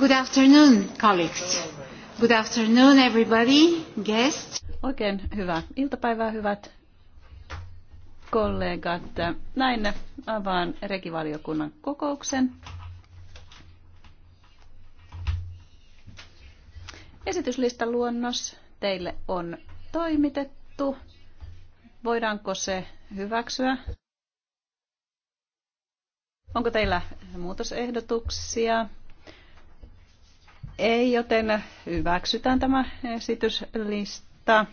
Good afternoon, colleagues. Good afternoon, everybody, guests. Oikein hyvää iltapäivää, hyvät kollegat. Näin avaan rekivaliokunnan kokouksen. Esityslistan luonnos teille on toimitettu. Voidaanko se hyväksyä? Onko teillä muutosehdotuksia? ei, joten hyväksytään tämä esityslista.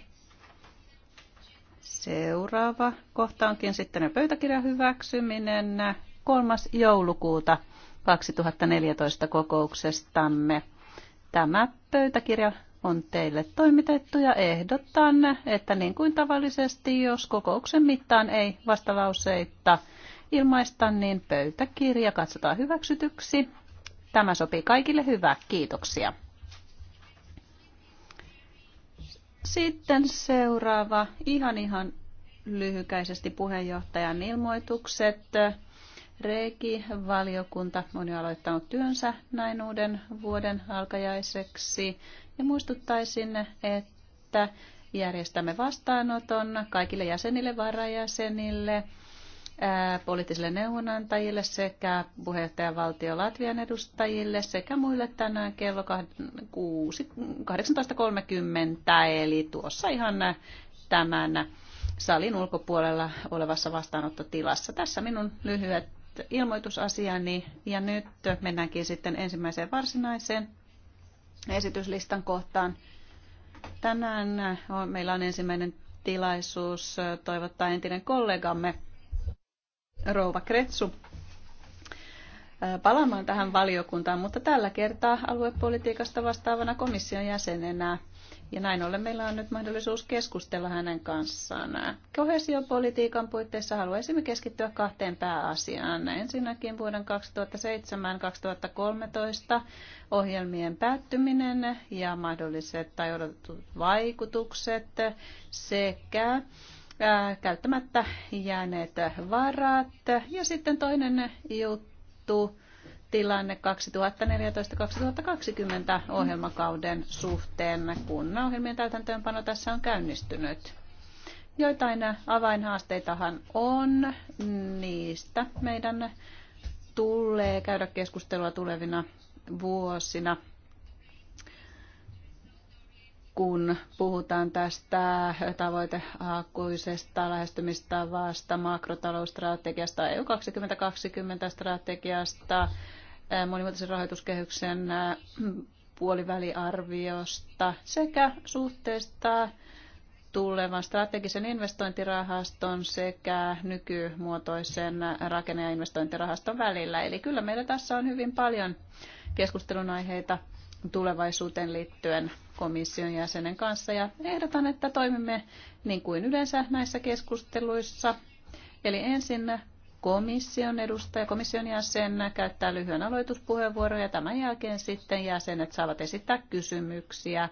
Seuraava kohta onkin sitten pöytäkirjan hyväksyminen 3. joulukuuta 2014 kokouksestamme. Tämä pöytäkirja on teille toimitettu ja ehdotan, että niin kuin tavallisesti, jos kokouksen mittaan ei vastalauseita ilmaista, niin pöytäkirja katsotaan hyväksytyksi. Tämä sopii kaikille hyvää. Kiitoksia. Sitten seuraava, ihan ihan lyhykäisesti puheenjohtajan ilmoitukset. Reiki valiokunta on jo aloittanut työnsä näin uuden vuoden alkajaiseksi. Ja muistuttaisin, että järjestämme vastaanoton kaikille jäsenille, varajäsenille, poliittisille neuvonantajille sekä puheenjohtajavaltio Latvian edustajille sekä muille tänään kello 18.30, eli tuossa ihan tämän salin ulkopuolella olevassa vastaanottotilassa. Tässä minun lyhyet ilmoitusasiani ja nyt mennäänkin sitten ensimmäiseen varsinaiseen esityslistan kohtaan. Tänään on, meillä on ensimmäinen tilaisuus toivottaa entinen kollegamme rouva Kretsu palaamaan tähän valiokuntaan, mutta tällä kertaa aluepolitiikasta vastaavana komission jäsenenä. Ja näin ollen meillä on nyt mahdollisuus keskustella hänen kanssaan. Kohesiopolitiikan puitteissa haluaisimme keskittyä kahteen pääasiaan. Ensinnäkin vuoden 2007-2013 ohjelmien päättyminen ja mahdolliset tai odotetut vaikutukset sekä käyttämättä jääneet varat. Ja sitten toinen juttu, tilanne 2014-2020 ohjelmakauden suhteen, kun ohjelmien täytäntöönpano tässä on käynnistynyt. Joitain avainhaasteitahan on, niistä meidän tulee käydä keskustelua tulevina vuosina kun puhutaan tästä tavoitehakuisesta lähestymistavasta, makrotalousstrategiasta, EU 2020 strategiasta, eh, monimuotoisen rahoituskehyksen eh, puoliväliarviosta sekä suhteesta tulevan strategisen investointirahaston sekä nykymuotoisen rakenne- ja investointirahaston välillä. Eli kyllä meillä tässä on hyvin paljon keskustelun aiheita tulevaisuuteen liittyen komission jäsenen kanssa ja ehdotan, että toimimme niin kuin yleensä näissä keskusteluissa. Eli ensin komission edustaja, komission jäsen käyttää lyhyen aloituspuheenvuoron ja tämän jälkeen sitten jäsenet saavat esittää kysymyksiä.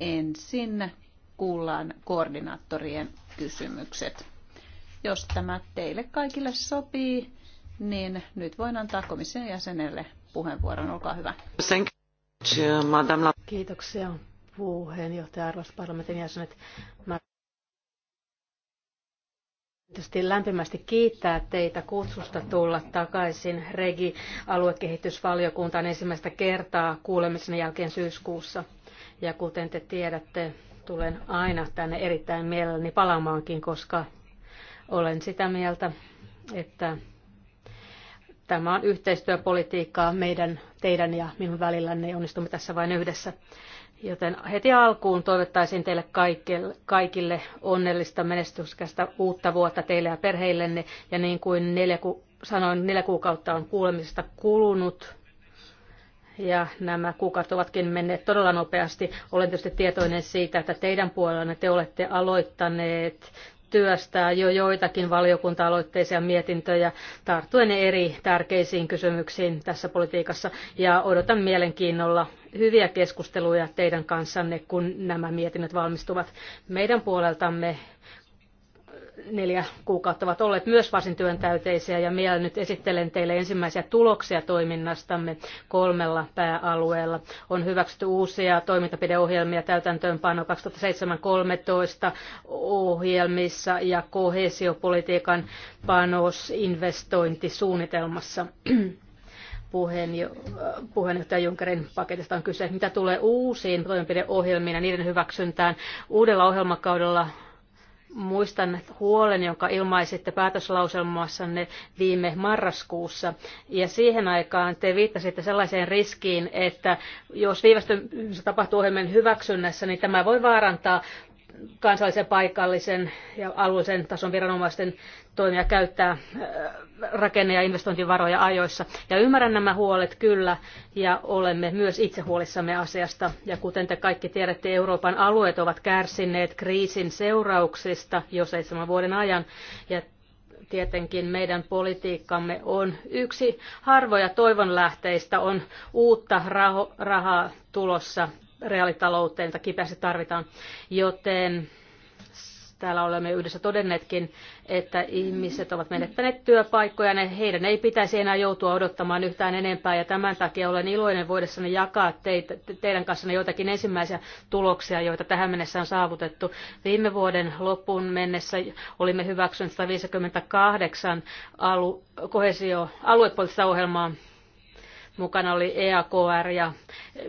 Ensin kuullaan koordinaattorien kysymykset. Jos tämä teille kaikille sopii, niin nyt voin antaa komission jäsenelle puheenvuoron. Olkaa hyvä. Thank Kiitoksia puheenjohtaja, parlamentin jäsenet. Mä tietysti lämpimästi kiittää teitä kutsusta tulla takaisin Regi-aluekehitysvaliokuntaan ensimmäistä kertaa kuulemisen jälkeen syyskuussa. Ja kuten te tiedätte, tulen aina tänne erittäin mielelläni palaamaankin, koska olen sitä mieltä, että Tämä on yhteistyöpolitiikkaa meidän, teidän ja minun välillänne. Niin onnistumme tässä vain yhdessä. Joten heti alkuun toivottaisin teille kaikille, kaikille onnellista menestyskästä uutta vuotta teille ja perheillenne. Ja niin kuin neljä ku, sanoin, neljä kuukautta on kuulemisesta kulunut. Ja nämä kuukautta ovatkin menneet todella nopeasti. Olen tietysti tietoinen siitä, että teidän puolellanne te olette aloittaneet työstää jo joitakin valiokunta-aloitteisia mietintöjä tarttuen eri tärkeisiin kysymyksiin tässä politiikassa ja odotan mielenkiinnolla hyviä keskusteluja teidän kanssanne, kun nämä mietinnöt valmistuvat. Meidän puoleltamme neljä kuukautta ovat olleet myös varsin työntäyteisiä ja vielä nyt esittelen teille ensimmäisiä tuloksia toiminnastamme kolmella pääalueella. On hyväksytty uusia toimintapideohjelmia täytäntöönpano 2007-2013 ohjelmissa ja kohesiopolitiikan panos investointisuunnitelmassa puheenjohtaja Junckerin paketista on kyse. Mitä tulee uusiin toimenpideohjelmiin ja niiden hyväksyntään, uudella ohjelmakaudella Muistan huolen, jonka ilmaisitte päätöslauselmassanne viime marraskuussa, ja siihen aikaan te viittasitte sellaiseen riskiin, että jos viivästymistä tapahtuu ohjelmien hyväksynnässä, niin tämä voi vaarantaa kansallisen, paikallisen ja alueellisen tason viranomaisten toimia käyttää äh, rakenne- ja investointivaroja ajoissa. Ja ymmärrän nämä huolet kyllä, ja olemme myös itse huolissamme asiasta. Ja kuten te kaikki tiedätte, Euroopan alueet ovat kärsineet kriisin seurauksista jo seitsemän vuoden ajan, ja tietenkin meidän politiikkamme on yksi harvoja toivonlähteistä, on uutta rahaa tulossa reaalitalouteen, jota kipeästi tarvitaan. Joten täällä olemme yhdessä todenneetkin, että ihmiset ovat menettäneet työpaikkoja, ne, heidän ei pitäisi enää joutua odottamaan yhtään enempää, ja tämän takia olen iloinen voidessani jakaa teitä, teidän kanssanne joitakin ensimmäisiä tuloksia, joita tähän mennessä on saavutettu. Viime vuoden loppuun mennessä olimme hyväksyneet 158 alu, kohesio, aluepoliittista ohjelmaa Mukana oli EAKR ja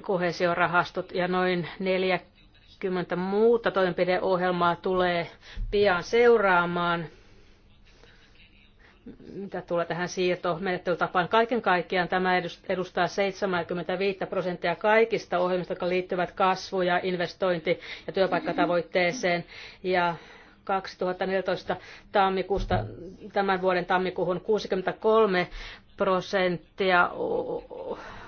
kohesiorahastot ja noin 40 muuta toimenpideohjelmaa tulee pian seuraamaan mitä tulee tähän siirtomenettelytapaan. Kaiken kaikkiaan tämä edustaa 75 prosenttia kaikista ohjelmista, jotka liittyvät kasvu- ja investointi- ja työpaikkatavoitteeseen. Ja 2014 tammikuusta tämän vuoden tammikuuhun 63 prosenttia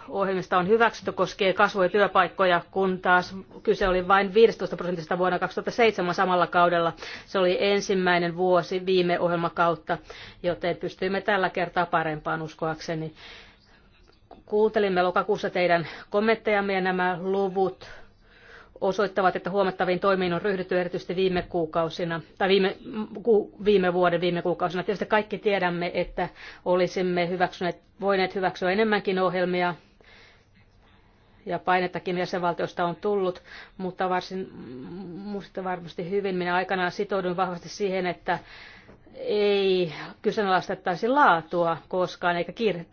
ohjelmista on hyväksytty koskee kasvua ja työpaikkoja, kun taas kyse oli vain 15 prosentista vuonna 2007 samalla kaudella. Se oli ensimmäinen vuosi viime ohjelmakautta, joten pystyimme tällä kertaa parempaan uskoakseni. Kuuntelimme lokakuussa teidän kommenttejamme ja nämä luvut osoittavat, että huomattaviin toimiin on ryhdytty erityisesti viime kuukausina tai viime, ku, viime vuoden viime kuukausina. Tietysti kaikki tiedämme, että olisimme hyväksyneet, voineet hyväksyä enemmänkin ohjelmia ja painettakin jäsenvaltiosta on tullut, mutta varsin muista varmasti hyvin. Minä aikanaan sitouduin vahvasti siihen, että ei kyseenalaistettaisi laatua koskaan eikä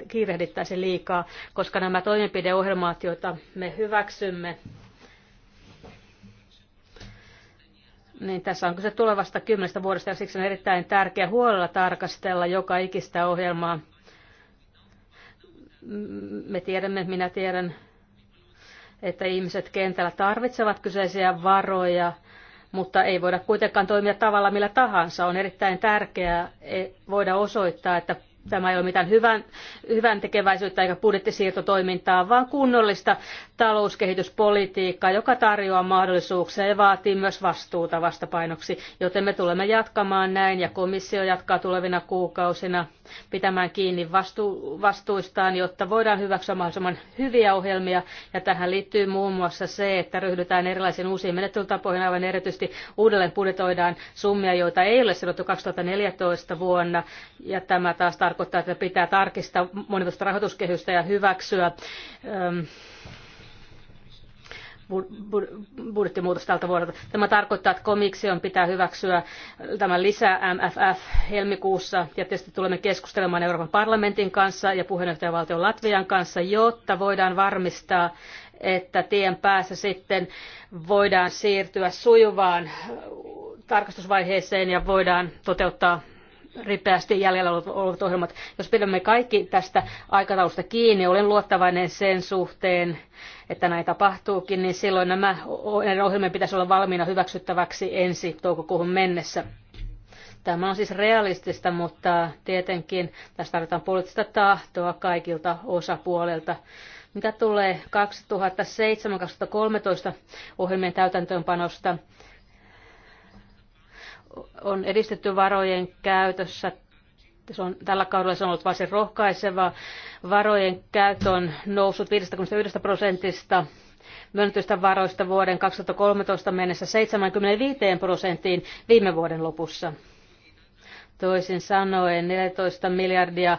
kiirehdittäisi liikaa, koska nämä toimenpideohjelmaat, joita me hyväksymme, niin tässä on kyse tulevasta kymmenestä vuodesta ja siksi on erittäin tärkeää huolella tarkastella joka ikistä ohjelmaa. Me tiedämme, minä tiedän, että ihmiset kentällä tarvitsevat kyseisiä varoja, mutta ei voida kuitenkaan toimia tavalla millä tahansa. On erittäin tärkeää e, voida osoittaa, että tämä ei ole mitään hyvän, hyvän tekeväisyyttä eikä budjettisiirtotoimintaa, vaan kunnollista talouskehityspolitiikkaa, joka tarjoaa mahdollisuuksia ja vaatii myös vastuuta vastapainoksi, joten me tulemme jatkamaan näin ja komissio jatkaa tulevina kuukausina pitämään kiinni vastu- vastuistaan, jotta voidaan hyväksyä mahdollisimman hyviä ohjelmia ja tähän liittyy muun muassa se, että ryhdytään erilaisiin uusiin menettelytapoihin, aivan erityisesti uudelleen budjetoidaan summia, joita ei ole sidottu 2014 vuonna ja tämä taas tarkoittaa, että pitää tarkistaa monivuotista rahoituskehystä ja hyväksyä ähm, budjettimuutos tältä vuodelta. Tämä tarkoittaa, että komission pitää hyväksyä tämä lisää MFF helmikuussa ja tietysti tulemme keskustelemaan Euroopan parlamentin kanssa ja puheenjohtajavaltion Latvian kanssa, jotta voidaan varmistaa, että tien päässä sitten voidaan siirtyä sujuvaan tarkastusvaiheeseen ja voidaan toteuttaa ripeästi jäljellä olevat ohjelmat. Jos pidämme kaikki tästä aikataulusta kiinni, olen luottavainen sen suhteen, että näin tapahtuukin, niin silloin nämä ohjelmien pitäisi olla valmiina hyväksyttäväksi ensi toukokuuhun mennessä. Tämä on siis realistista, mutta tietenkin tässä tarvitaan poliittista tahtoa kaikilta osapuolilta. Mitä tulee 2007-2013 ohjelmien täytäntöönpanosta, on edistetty varojen käytössä. Se on, tällä kaudella se on ollut varsin rohkaiseva. Varojen käyttö on noussut 51 prosentista myönnetyistä varoista vuoden 2013 mennessä 75 prosenttiin viime vuoden lopussa. Toisin sanoen 14 miljardia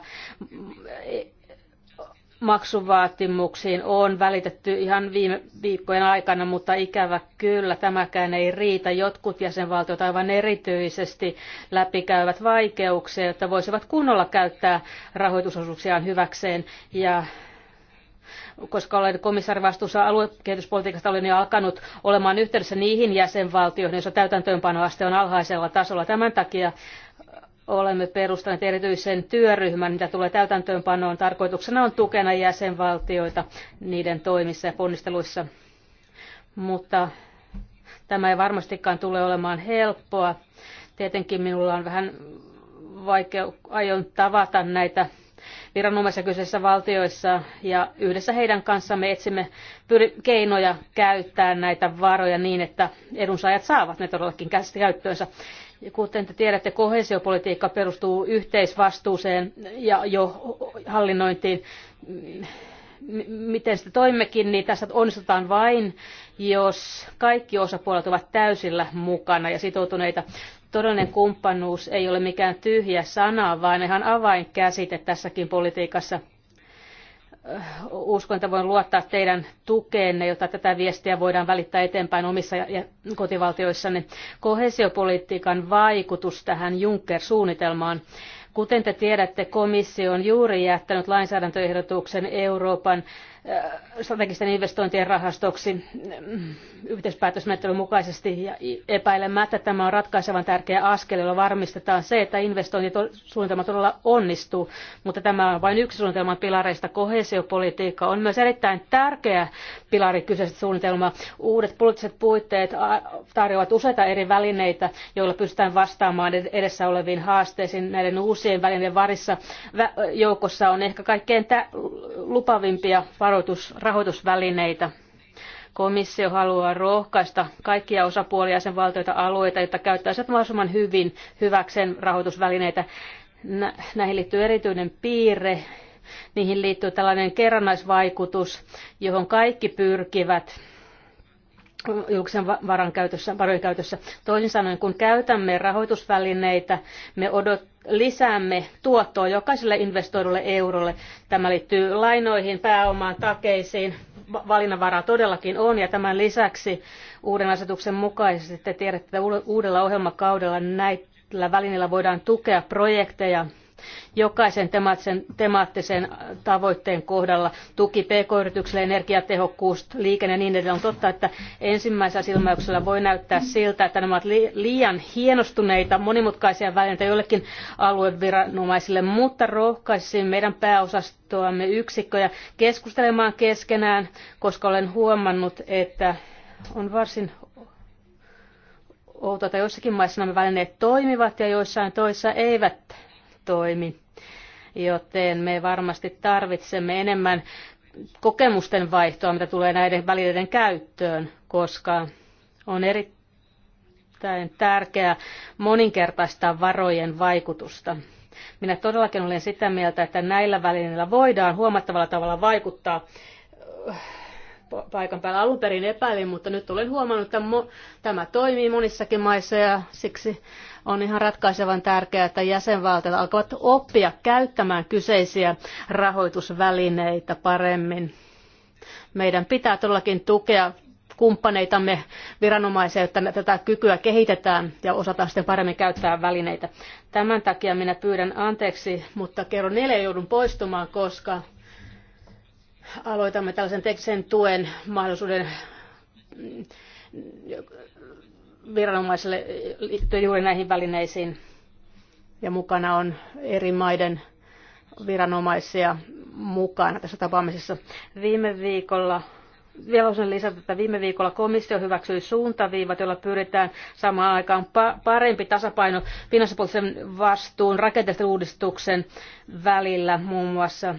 maksuvaatimuksiin on välitetty ihan viime viikkojen aikana, mutta ikävä kyllä tämäkään ei riitä. Jotkut jäsenvaltiot aivan erityisesti läpikäyvät vaikeuksia, jotta voisivat kunnolla käyttää rahoitusosuuksiaan hyväkseen. Ja koska olen komissaari vastuussa aluekehityspolitiikasta, olen jo alkanut olemaan yhteydessä niihin jäsenvaltioihin, joissa täytäntöönpanoaste on alhaisella tasolla. Tämän takia olemme perustaneet erityisen työryhmän, mitä tulee täytäntöönpanoon. Tarkoituksena on tukena jäsenvaltioita niiden toimissa ja ponnisteluissa. Mutta tämä ei varmastikaan tule olemaan helppoa. Tietenkin minulla on vähän vaikea, aion tavata näitä viranomaisia kyseisissä valtioissa ja yhdessä heidän kanssaan me etsimme keinoja käyttää näitä varoja niin, että edunsaajat saavat ne todellakin käyttöönsä. Ja kuten te tiedätte, koheesiopolitiikka perustuu yhteisvastuuseen ja jo hallinnointiin. Miten sitä toimimekin, niin tässä onnistutaan vain, jos kaikki osapuolet ovat täysillä mukana ja sitoutuneita. Todellinen kumppanuus ei ole mikään tyhjä sana, vaan ihan avainkäsite tässäkin politiikassa – uskon, että voin luottaa teidän tukeenne, jotta tätä viestiä voidaan välittää eteenpäin omissa kotivaltioissanne. Kohesiopolitiikan vaikutus tähän Juncker-suunnitelmaan. Kuten te tiedätte, komissio on juuri jättänyt lainsäädäntöehdotuksen Euroopan strategisten investointien rahastoksi mm, yhteispäätösmenettelyn mukaisesti. Ja epäilemättä tämä on ratkaisevan tärkeä askel, jolla varmistetaan se, että investointisuunnitelma todella onnistuu. Mutta tämä on vain yksi suunnitelman pilareista. Kohesiopolitiikka on myös erittäin tärkeä pilari kyseistä suunnitelma. Uudet poliittiset puitteet tarjoavat useita eri välineitä, joilla pystytään vastaamaan edessä oleviin haasteisiin. Näiden uusien välineiden varissa joukossa on ehkä kaikkein lupavimpia rahoitus, rahoitusvälineitä. Komissio haluaa rohkaista kaikkia osapuolia sen valtioita alueita, jotta käyttäisivät mahdollisimman hyvin hyväkseen rahoitusvälineitä. Näihin liittyy erityinen piirre, niihin liittyy tällainen kerrannaisvaikutus, johon kaikki pyrkivät julkisen varan käytössä, varojen käytössä. Toisin sanoen, kun käytämme rahoitusvälineitä, me odot, lisäämme tuottoa jokaiselle investoidulle eurolle. Tämä liittyy lainoihin, pääomaan, takeisiin. Valinnanvaraa todellakin on ja tämän lisäksi uuden asetuksen mukaisesti te tiedätte, että uudella ohjelmakaudella näillä välineillä voidaan tukea projekteja, Jokaisen temaattisen, temaattisen äh, tavoitteen kohdalla tuki pk-yrityksille, energiatehokkuus, liikenne ja niin edelleen. On totta, että ensimmäisellä silmäyksellä voi näyttää siltä, että nämä ovat liian hienostuneita, monimutkaisia välineitä jollekin alueviranomaisille, mutta rohkaisin meidän pääosastoamme yksikköjä keskustelemaan keskenään, koska olen huomannut, että on varsin outoa, että joissakin maissa nämä välineet toimivat ja joissain toissa eivät toimi. Joten me varmasti tarvitsemme enemmän kokemusten vaihtoa, mitä tulee näiden välineiden käyttöön, koska on erittäin tärkeää moninkertaistaa varojen vaikutusta. Minä todellakin olen sitä mieltä, että näillä välineillä voidaan huomattavalla tavalla vaikuttaa paikan päällä. Alun perin epäilin, mutta nyt olen huomannut, että tämä toimii monissakin maissa ja siksi on ihan ratkaisevan tärkeää, että jäsenvaltiot alkavat oppia käyttämään kyseisiä rahoitusvälineitä paremmin. Meidän pitää todellakin tukea kumppaneitamme viranomaisia, että tätä kykyä kehitetään ja osataan sitten paremmin käyttää välineitä. Tämän takia minä pyydän anteeksi, mutta kerron neljä joudun poistumaan, koska aloitamme tällaisen teknisen tuen mahdollisuuden mm, viranomaisille liittyen juuri näihin välineisiin. Ja mukana on eri maiden viranomaisia mukana tässä tapaamisessa. Viime viikolla vielä osin lisätä, että viime viikolla komissio hyväksyi suuntaviivat, joilla pyritään samaan aikaan parempi tasapaino finanssipoliittisen vastuun rakenteellisen uudistuksen välillä muun muassa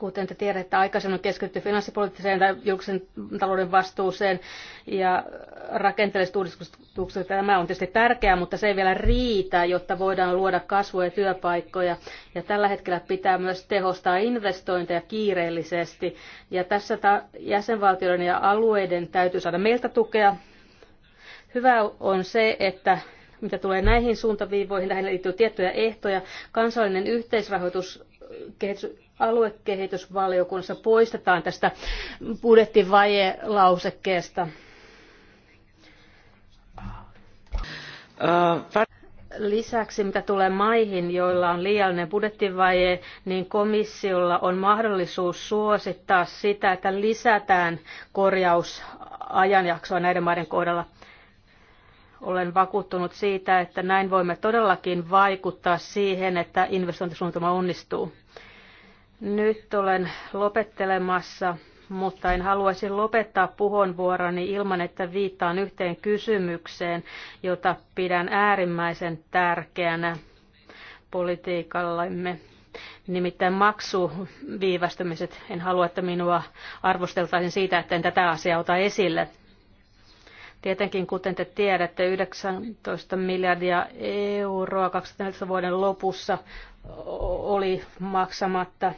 Kuten te tiedätte, aikaisemmin on keskitytty finanssipoliittiseen tai julkisen talouden vastuuseen ja rakenteelliset uudistukset. Tämä on tietysti tärkeää, mutta se ei vielä riitä, jotta voidaan luoda kasvua ja työpaikkoja. Ja tällä hetkellä pitää myös tehostaa investointeja kiireellisesti. Ja tässä jäsenvaltioiden ja alueiden täytyy saada meiltä tukea. Hyvä on se, että mitä tulee näihin suuntaviivoihin, tähän liittyy tiettyjä ehtoja. Kansallinen yhteisrahoitus kehitys, aluekehitysvaliokunnassa poistetaan tästä budjettivajelausekkeesta. Lisäksi mitä tulee maihin, joilla on liiallinen budjettivaje, niin komissiolla on mahdollisuus suosittaa sitä, että lisätään korjausajanjaksoa näiden maiden kohdalla. Olen vakuuttunut siitä, että näin voimme todellakin vaikuttaa siihen, että investointisuunnitelma onnistuu. Nyt olen lopettelemassa, mutta en haluaisi lopettaa puheenvuoroni ilman, että viittaan yhteen kysymykseen, jota pidän äärimmäisen tärkeänä politiikallemme. Nimittäin maksuviivästymiset. En halua, että minua arvosteltaisiin siitä, että en tätä asiaa ota esille. Tietenkin, kuten te tiedätte, 19 miljardia euroa 2014 vuoden lopussa oli maksamatta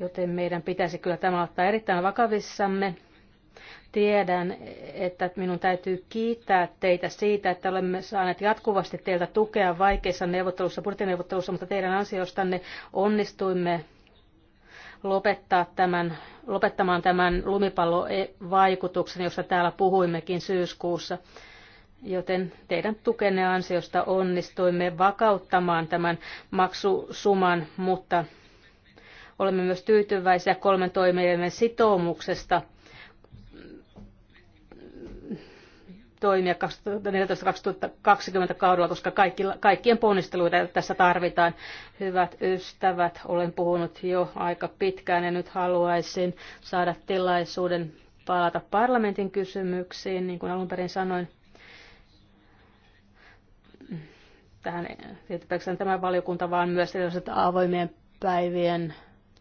joten meidän pitäisi kyllä tämä ottaa erittäin vakavissamme. Tiedän, että minun täytyy kiittää teitä siitä, että olemme saaneet jatkuvasti teiltä tukea vaikeissa neuvottelussa, budjettineuvottelussa, mutta teidän ansiostanne onnistuimme lopettaa tämän, lopettamaan tämän lumipallovaikutuksen, josta täällä puhuimmekin syyskuussa. Joten teidän tukenne ansiosta onnistuimme vakauttamaan tämän maksusuman, mutta Olemme myös tyytyväisiä kolmen toimielimen sitoumuksesta toimia 2014-2020 kaudella, koska kaikkien ponnisteluita tässä tarvitaan. Hyvät ystävät, olen puhunut jo aika pitkään ja nyt haluaisin saada tilaisuuden palata parlamentin kysymyksiin, niin kuin alun perin sanoin. Tähän ei pelkästään tämä valiokunta, vaan myös erilaiset avoimien päivien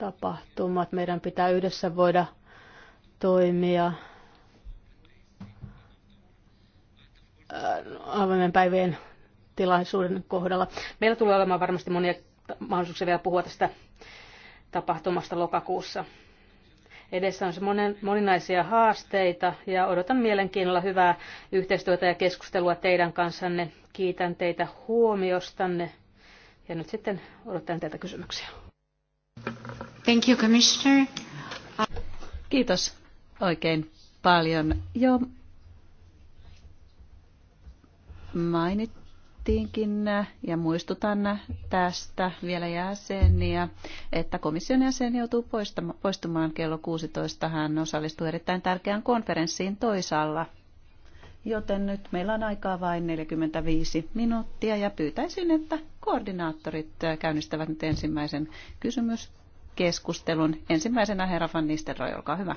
tapahtumat. Meidän pitää yhdessä voida toimia avoimen päivien tilaisuuden kohdalla. Meillä tulee olemaan varmasti monia mahdollisuuksia vielä puhua tästä tapahtumasta lokakuussa. Edessä on monen, moninaisia haasteita ja odotan mielenkiinnolla hyvää yhteistyötä ja keskustelua teidän kanssanne. Kiitän teitä huomiostanne ja nyt sitten odotan teiltä kysymyksiä. Kiitos oikein paljon. Jo mainittiinkin ja muistutan tästä vielä jäseniä, että komission jäsen joutuu poistumaan kello 16. Hän osallistuu erittäin tärkeään konferenssiin toisaalla joten nyt meillä on aikaa vain 45 minuuttia ja pyytäisin, että koordinaattorit käynnistävät nyt ensimmäisen kysymyskeskustelun. Ensimmäisenä herra Van Nistelrooy, olkaa hyvä.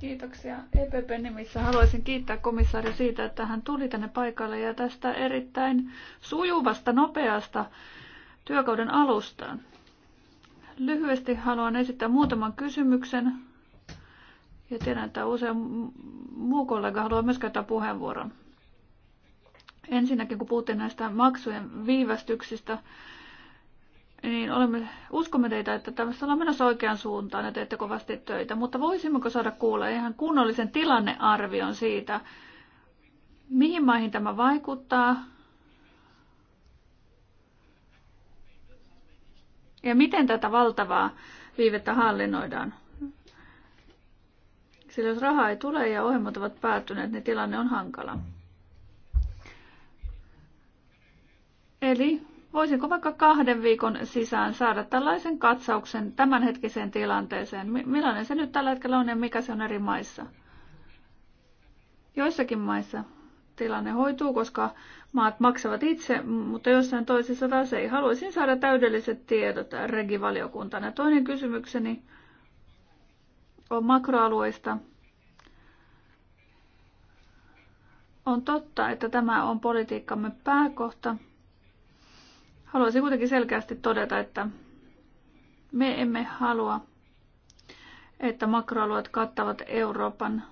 Kiitoksia EPP nimissä. Haluaisin kiittää komissaari siitä, että hän tuli tänne paikalle ja tästä erittäin sujuvasta, nopeasta työkauden alustaan. Lyhyesti haluan esittää muutaman kysymyksen ja tiedän, että usein muu kollega haluaa myös käyttää puheenvuoron. Ensinnäkin, kun puhuttiin näistä maksujen viivästyksistä, niin olemme, uskomme teitä, että tässä ollaan menossa oikeaan suuntaan ja teette kovasti töitä, mutta voisimmeko saada kuulla ihan kunnollisen tilannearvion siitä, mihin maihin tämä vaikuttaa ja miten tätä valtavaa viivettä hallinnoidaan. Sillä jos rahaa ei tule ja ohjelmat ovat päättyneet, niin tilanne on hankala. Eli voisinko vaikka kahden viikon sisään saada tällaisen katsauksen tämänhetkiseen tilanteeseen? Millainen se nyt tällä hetkellä on ja mikä se on eri maissa? Joissakin maissa tilanne hoituu, koska maat maksavat itse, mutta jossain toisessa taas ei. Haluaisin saada täydelliset tiedot regivaliokuntana. Toinen kysymykseni on makroalueista. On totta, että tämä on politiikkamme pääkohta. Haluaisin kuitenkin selkeästi todeta, että me emme halua, että makroalueet kattavat Euroopan.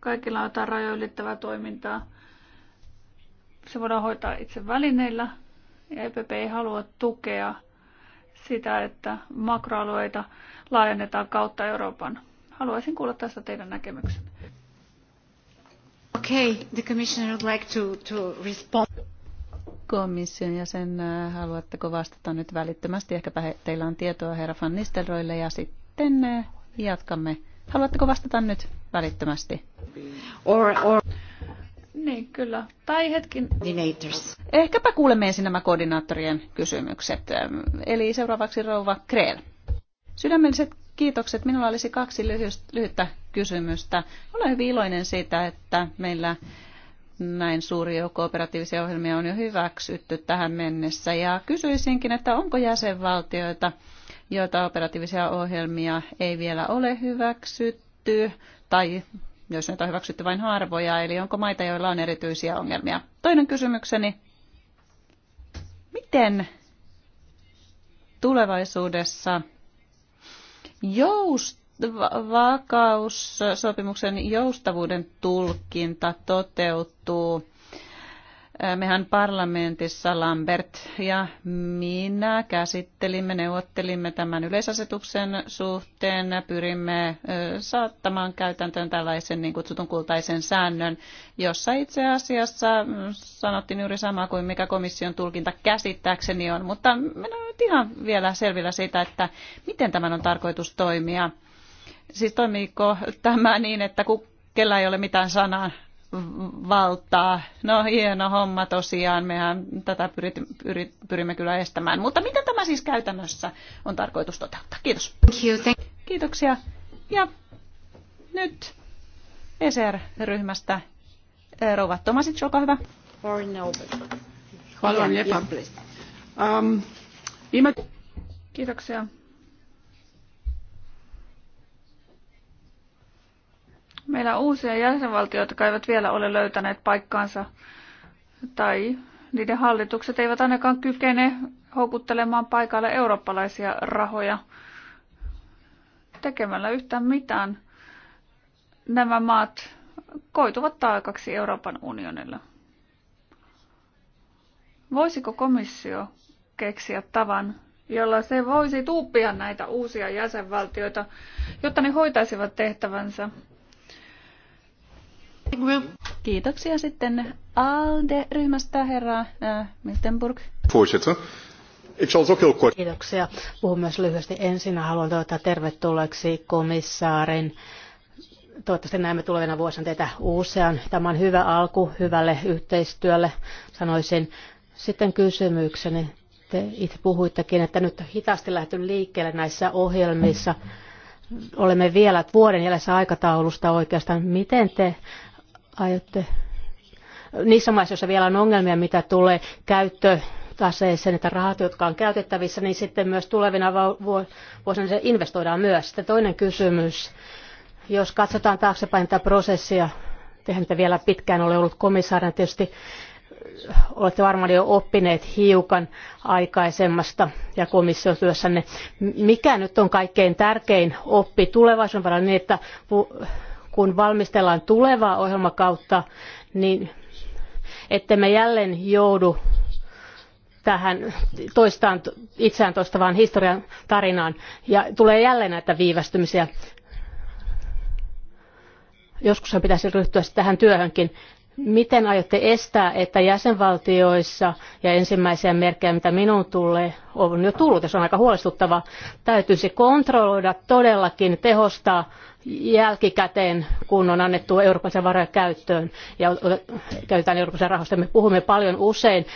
Kaikilla on jotain rajoilittävää toimintaa. Se voidaan hoitaa itse välineillä. Ja EPP ei halua tukea sitä, että makroalueita laajennetaan kautta Euroopan. Haluaisin kuulla tästä teidän näkemyksenne. Okay, the commissioner would like to, to respond. Komission jäsen, äh, haluatteko vastata nyt välittömästi? Ehkäpä he, teillä on tietoa herra Van Nistelroille ja sitten äh, jatkamme. Haluatteko vastata nyt välittömästi? Or, or... Niin, kyllä. Tai hetkin. Ehkäpä kuulemme ensin nämä koordinaattorien kysymykset. Ähm, eli seuraavaksi rouva Kreel. Sydämelliset Kiitokset. Minulla olisi kaksi lyhyttä kysymystä. Olen hyvin iloinen siitä, että meillä näin suuri joukko operatiivisia ohjelmia on jo hyväksytty tähän mennessä. Ja kysyisinkin, että onko jäsenvaltioita, joita operatiivisia ohjelmia ei vielä ole hyväksytty, tai jos ne on hyväksytty vain harvoja, eli onko maita, joilla on erityisiä ongelmia. Toinen kysymykseni, miten tulevaisuudessa Joust, vakaussopimuksen joustavuuden tulkinta toteutuu Äh, mehän parlamentissa Lambert ja minä käsittelimme, neuvottelimme tämän yleisasetuksen suhteen. Pyrimme äh, saattamaan käytäntöön tällaisen niin kutsutun kultaisen säännön, jossa itse asiassa mm, sanottiin juuri sama kuin mikä komission tulkinta käsittääkseni on, mutta minä mm, olen ihan vielä selvillä siitä, että miten tämän on tarkoitus toimia. Siis toimiiko tämä niin, että kun kellä ei ole mitään sanaa valtaa. No hieno homma tosiaan, mehän tätä pyrit, pyrit, pyrimme kyllä estämään. Mutta miten tämä siis käytännössä on tarkoitus toteuttaa? Kiitos. Kiitoksia. Ja nyt ESER-ryhmästä eh, rouva Tomasic, olkaa hyvä. Um, Kiitoksia. Meillä on uusia jäsenvaltioita, jotka eivät vielä ole löytäneet paikkaansa tai niiden hallitukset eivät ainakaan kykene houkuttelemaan paikalle eurooppalaisia rahoja tekemällä yhtään mitään. Nämä maat koituvat taakaksi Euroopan unionilla. Voisiko komissio keksiä tavan, jolla se voisi tuuppia näitä uusia jäsenvaltioita, jotta ne hoitaisivat tehtävänsä Kiitoksia sitten ALDE-ryhmästä herra äh, Miltenburg. Kiitoksia. Puhun myös lyhyesti. Ensin haluan toivottaa tervetulleeksi komissaarin toivottavasti näemme tulevina vuosina teitä usean. Tämä on hyvä alku hyvälle yhteistyölle, sanoisin. Sitten kysymykseni. Te itse puhuittekin, että nyt on hitaasti lähty liikkeelle näissä ohjelmissa. Olemme vielä vuoden jäljessä aikataulusta oikeastaan. Miten te aiotte niissä maissa, joissa vielä on ongelmia, mitä tulee käyttö taseeseen, että rahat, jotka on käytettävissä, niin sitten myös tulevina vuosina se investoidaan myös. Sitten toinen kysymys, jos katsotaan taaksepäin tätä prosessia, tehän mitä vielä pitkään ole ollut komissaarina, niin tietysti olette varmaan jo oppineet hiukan aikaisemmasta ja komissiotyössänne. Mikä nyt on kaikkein tärkein oppi tulevaisuuden varalle niin, että kun valmistellaan tulevaa ohjelmakautta, niin että me jälleen joudu tähän toistaan, itseään toistavaan historian tarinaan ja tulee jälleen näitä viivästymisiä. Joskushan pitäisi ryhtyä tähän työhönkin. Miten aiotte estää, että jäsenvaltioissa ja ensimmäisiä merkkejä, mitä minun tulee, on jo tullut, ja se on aika huolestuttava, täytyisi kontrolloida todellakin, tehostaa jälkikäteen, kun on annettu eurooppalaisia varoja käyttöön ja käytetään eurooppalaisia rahoista. Me puhumme paljon usein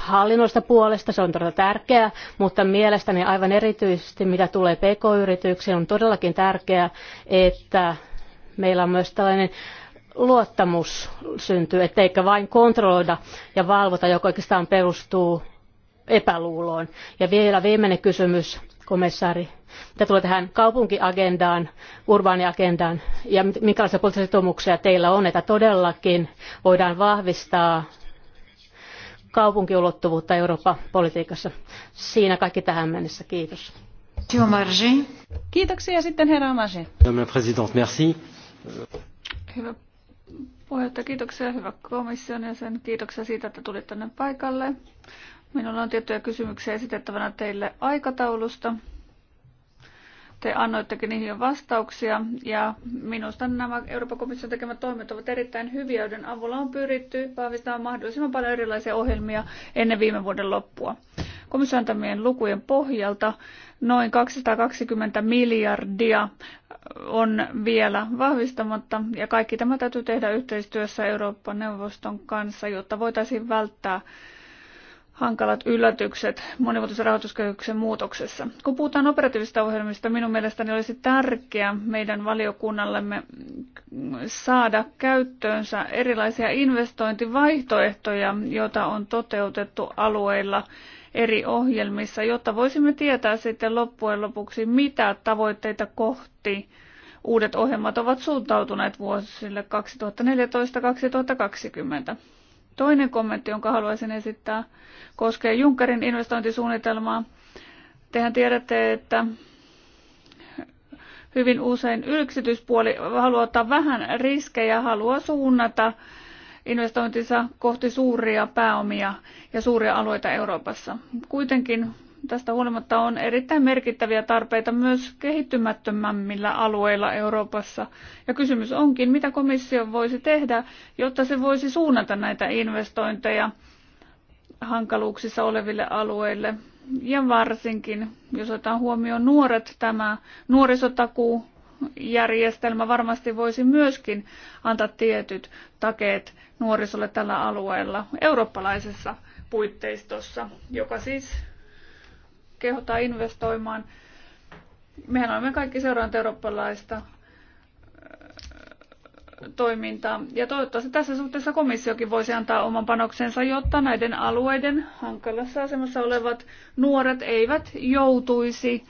hallinnoista puolesta, se on todella tärkeää, mutta mielestäni aivan erityisesti mitä tulee pk-yrityksiin, on todellakin tärkeää, että meillä on myös tällainen luottamus syntyy, etteikä vain kontrolloida ja valvota, joka oikeastaan perustuu epäluuloon. Ja vielä viimeinen kysymys, komissaari. Mitä tulee tähän kaupunkiagendaan, urbaaniagendaan ja minkälaisia poliittisia sitoumuksia teillä on, että todellakin voidaan vahvistaa kaupunkiulottuvuutta Euroopan politiikassa. Siinä kaikki tähän mennessä. Kiitos. Kiitoksia sitten herra Omarji. Hyvä Puheenjohtaja, kiitoksia. Hyvä komission ja sen kiitoksia siitä, että tulit tänne paikalle. Minulla on tiettyjä kysymyksiä esitettävänä teille aikataulusta. Te annoittekin niihin jo vastauksia ja minusta nämä Euroopan komission tekemät toimet ovat erittäin hyviä, joiden avulla on pyritty vahvistamaan mahdollisimman paljon erilaisia ohjelmia ennen viime vuoden loppua. Komission antamien lukujen pohjalta noin 220 miljardia on vielä vahvistamatta ja kaikki tämä täytyy tehdä yhteistyössä Euroopan neuvoston kanssa, jotta voitaisiin välttää hankalat yllätykset monivuotisen rahoituskehyksen muutoksessa. Kun puhutaan operatiivisista ohjelmista, minun mielestäni olisi tärkeää meidän valiokunnallemme saada käyttöönsä erilaisia investointivaihtoehtoja, joita on toteutettu alueilla eri ohjelmissa, jotta voisimme tietää sitten loppujen lopuksi, mitä tavoitteita kohti uudet ohjelmat ovat suuntautuneet vuosille 2014-2020. Toinen kommentti, jonka haluaisin esittää, koskee Junckerin investointisuunnitelmaa. Tehän tiedätte, että hyvin usein yksityispuoli haluaa ottaa vähän riskejä, haluaa suunnata investointinsa kohti suuria pääomia ja suuria alueita Euroopassa. Kuitenkin tästä huolimatta on erittäin merkittäviä tarpeita myös kehittymättömämmillä alueilla Euroopassa. Ja kysymys onkin, mitä komissio voisi tehdä, jotta se voisi suunnata näitä investointeja hankaluuksissa oleville alueille. Ja varsinkin, jos otetaan huomioon nuoret, tämä nuorisotakuu järjestelmä varmasti voisi myöskin antaa tietyt takeet nuorisolle tällä alueella eurooppalaisessa puitteistossa, joka siis kehottaa investoimaan. Mehän olemme kaikki seuraaneet eurooppalaista toimintaa. Ja toivottavasti tässä suhteessa komissiokin voisi antaa oman panoksensa, jotta näiden alueiden hankalassa asemassa olevat nuoret eivät joutuisi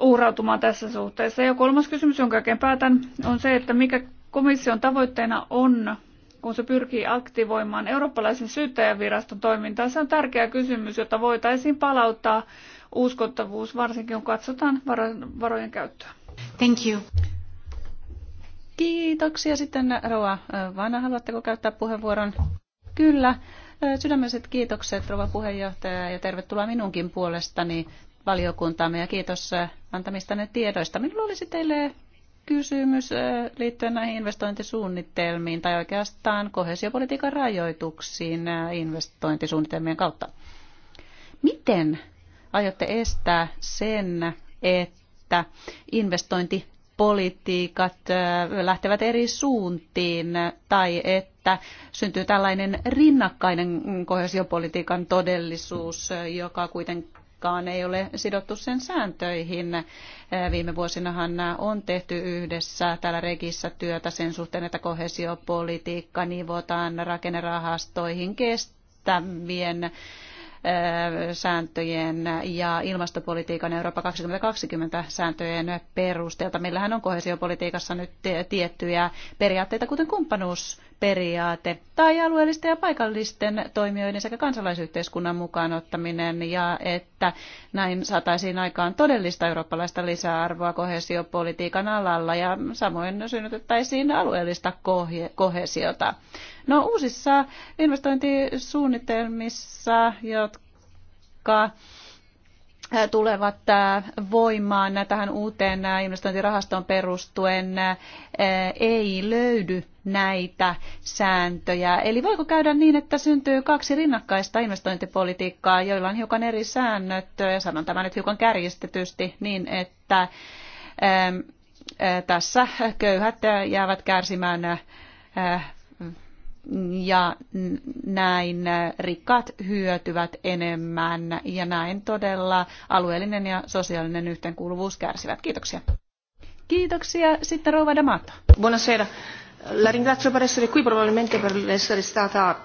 uhrautumaan tässä suhteessa. Ja kolmas kysymys, jonka jälkeen päätän, on se, että mikä komission tavoitteena on, kun se pyrkii aktivoimaan eurooppalaisen syyttäjäviraston toimintaa. Se on tärkeä kysymys, jota voitaisiin palauttaa uskottavuus, varsinkin kun katsotaan varojen käyttöä. Thank you. Kiitoksia. Sitten Roa Vana, haluatteko käyttää puheenvuoron? Kyllä. Sydämelliset kiitokset, rova puheenjohtaja, ja tervetuloa minunkin puolestani valiokuntaamme ja kiitos äh, antamistanne tiedoista. Minulla olisi teille kysymys äh, liittyen näihin investointisuunnitelmiin tai oikeastaan kohesiopolitiikan rajoituksiin äh, investointisuunnitelmien kautta. Miten aiotte estää sen, että investointipolitiikat lähtevät eri suuntiin tai että syntyy tällainen rinnakkainen kohesiopolitiikan todellisuus, joka kuitenkin kuitenkaan ei ole sidottu sen sääntöihin. Viime vuosinahan on tehty yhdessä täällä regissä työtä sen suhteen, että kohesiopolitiikka nivotaan rakennerahastoihin kestävien sääntöjen ja ilmastopolitiikan Eurooppa 2020 sääntöjen perusteelta. Meillähän on kohesiopolitiikassa nyt tiettyjä periaatteita, kuten kumppanuus periaate tai alueellisten ja paikallisten toimijoiden sekä kansalaisyhteiskunnan mukaan ottaminen ja että näin saataisiin aikaan todellista eurooppalaista lisäarvoa kohesiopolitiikan alalla ja samoin synnytettäisiin alueellista kohesiota. No uusissa investointisuunnitelmissa, jotka tulevat voimaan tähän uuteen investointirahastoon perustuen ei löydy näitä sääntöjä. Eli voiko käydä niin, että syntyy kaksi rinnakkaista investointipolitiikkaa, joilla on hiukan eri säännöt, ja sanon tämä nyt hiukan kärjistetysti, niin että ähm, äh, tässä köyhät jäävät kärsimään äh, ja näin rikkaat hyötyvät enemmän ja näin todella alueellinen ja sosiaalinen yhteenkuuluvuus kärsivät. Kiitoksia. Kiitoksia. Sitten Rouva D'Amato. Buonasera. La ringrazio per essere qui, probabilmente per essere stata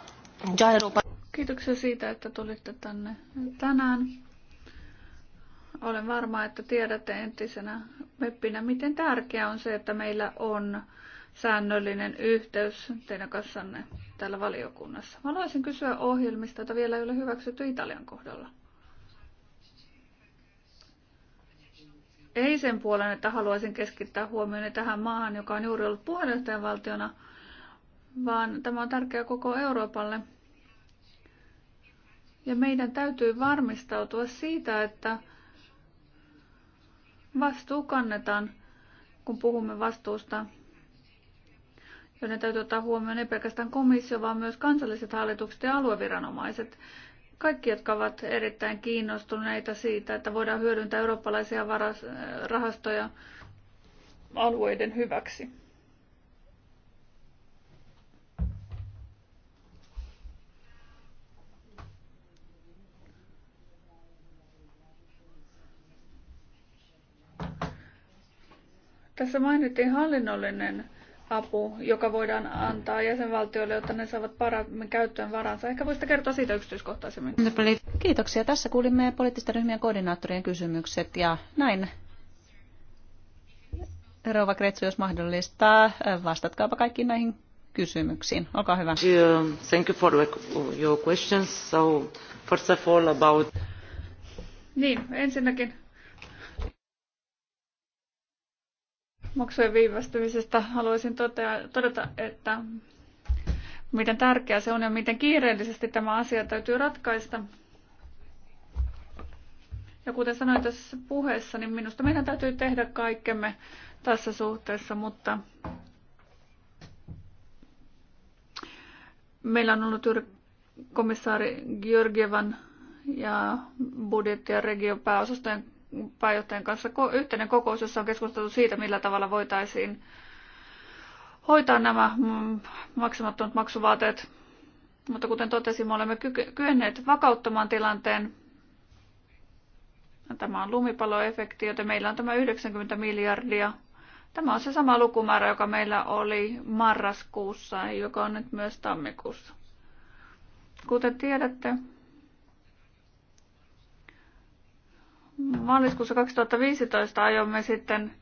già Europa. Kiitoksia siitä, että tulitte tänne tänään. Olen varma, että tiedätte entisenä meppinä, miten tärkeää on se, että meillä on säännöllinen yhteys teidän kanssanne täällä valiokunnassa. Haluaisin kysyä ohjelmista, joita vielä ei ole hyväksytty Italian kohdalla. ei sen puolen, että haluaisin keskittää huomioni tähän maahan, joka on juuri ollut puheenjohtajavaltiona, vaan tämä on tärkeää koko Euroopalle. Ja meidän täytyy varmistautua siitä, että vastuu kannetaan, kun puhumme vastuusta, joten täytyy ottaa huomioon ei pelkästään komissio, vaan myös kansalliset hallitukset ja alueviranomaiset kaikki, jotka ovat erittäin kiinnostuneita siitä, että voidaan hyödyntää eurooppalaisia varas- rahastoja alueiden hyväksi. Tässä mainittiin hallinnollinen apu, joka voidaan antaa jäsenvaltioille, jotta ne saavat paremmin käyttöön varansa. Ehkä voisitte kertoa siitä yksityiskohtaisemmin. Kiitoksia. Tässä kuulimme poliittisten ryhmien koordinaattorien kysymykset ja näin. Rouva Kretsu, jos mahdollista, vastatkaapa kaikkiin näihin kysymyksiin. Olkaa hyvä. Thank you for your questions. So, first of all about... Niin, ensinnäkin maksujen viivästymisestä haluaisin totea, todeta, että miten tärkeää se on ja miten kiireellisesti tämä asia täytyy ratkaista. Ja kuten sanoin tässä puheessa, niin minusta meidän täytyy tehdä kaikkemme tässä suhteessa, mutta meillä on ollut komissaari Georgievan ja budjetti- ja regiopääosastojen pääjohtajan kanssa yhteinen kokous, jossa on keskusteltu siitä, millä tavalla voitaisiin hoitaa nämä mm, maksamattomat maksuvaateet. Mutta kuten totesin, me olemme kyenneet vakauttamaan tilanteen. Tämä on lumipaloefekti, joten meillä on tämä 90 miljardia. Tämä on se sama lukumäärä, joka meillä oli marraskuussa, joka on nyt myös tammikuussa. Kuten tiedätte, maaliskuussa 2015 ajoimme sitten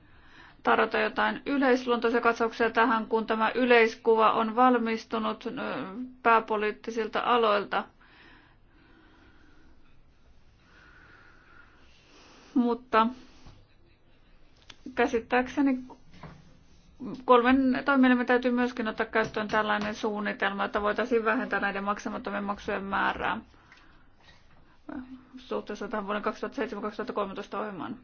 tarjota jotain yleisluontoisia katsauksia tähän, kun tämä yleiskuva on valmistunut pääpoliittisilta aloilta. Mutta käsittääkseni kolmen toimielimen täytyy myöskin ottaa käyttöön tällainen suunnitelma, että voitaisiin vähentää näiden maksamattomien maksujen määrää suhteessa tähän vuoden 2007-2013 ohjelmaan.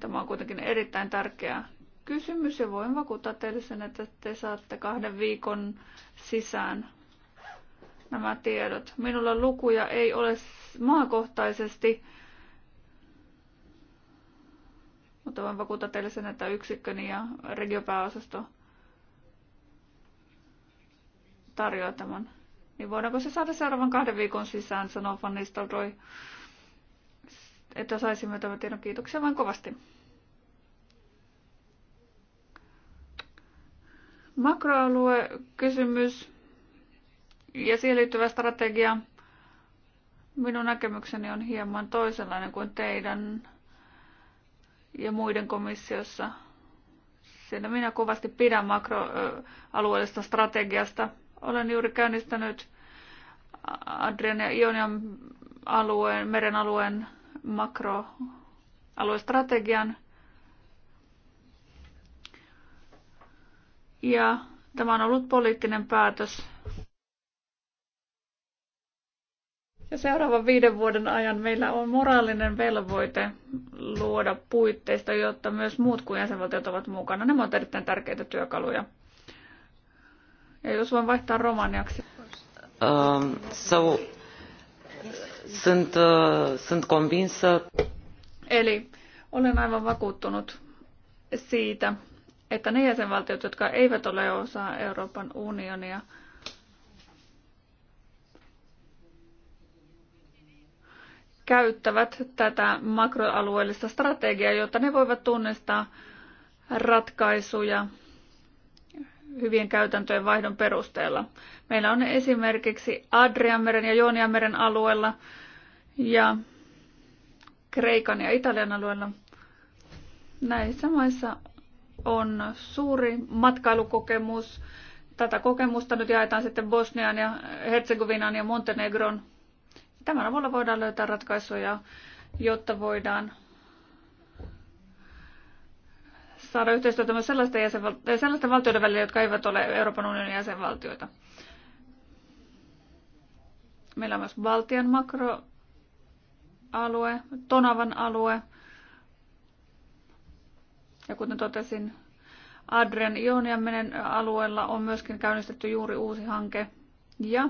Tämä on kuitenkin erittäin tärkeä kysymys ja voin vakuuttaa teille sen, että te saatte kahden viikon sisään nämä tiedot. Minulla lukuja ei ole maakohtaisesti, mutta voin vakuuttaa teille sen, että yksikköni ja regiopääosasto tarjoaa tämän niin voidaanko se saada seuraavan kahden viikon sisään, sanoo Van Nistelrooy, että saisimme tämän tiedon. Kiitoksia vain kovasti. Makroalue kysymys ja siihen liittyvä strategia. Minun näkemykseni on hieman toisenlainen kuin teidän ja muiden komissiossa. Sillä minä kovasti pidän makroalueellisesta strategiasta – olen juuri käynnistänyt Adrian ja Ionian alueen, meren alueen makroaluestrategian. Ja tämä on ollut poliittinen päätös. Ja seuraavan viiden vuoden ajan meillä on moraalinen velvoite luoda puitteista, jotta myös muut kuin jäsenvaltiot ovat mukana. Nämä ovat erittäin tärkeitä työkaluja. Ja jos voin vaihtaa romaniaksi. Um, so, sunt, uh, sunt convinsă. Eli olen aivan vakuuttunut siitä, että ne jäsenvaltiot, jotka eivät ole osa Euroopan unionia, käyttävät tätä makroalueellista strategiaa, jotta ne voivat tunnistaa ratkaisuja hyvien käytäntöjen vaihdon perusteella. Meillä on esimerkiksi Adrianmeren ja Jooniameren alueella ja Kreikan ja Italian alueella. Näissä maissa on suuri matkailukokemus. Tätä kokemusta nyt jaetaan sitten Bosnian ja Herzegovinan ja Montenegron. Tämän avulla voidaan löytää ratkaisuja, jotta voidaan saada yhteistyötä myös sellaisten, jäsenval- eh, sellaisten valtioiden välillä, jotka eivät ole Euroopan unionin jäsenvaltioita. Meillä on myös Baltian makroalue, Tonavan alue. Ja kuten totesin, Adrian Ionianmenen alueella on myöskin käynnistetty juuri uusi hanke. Ja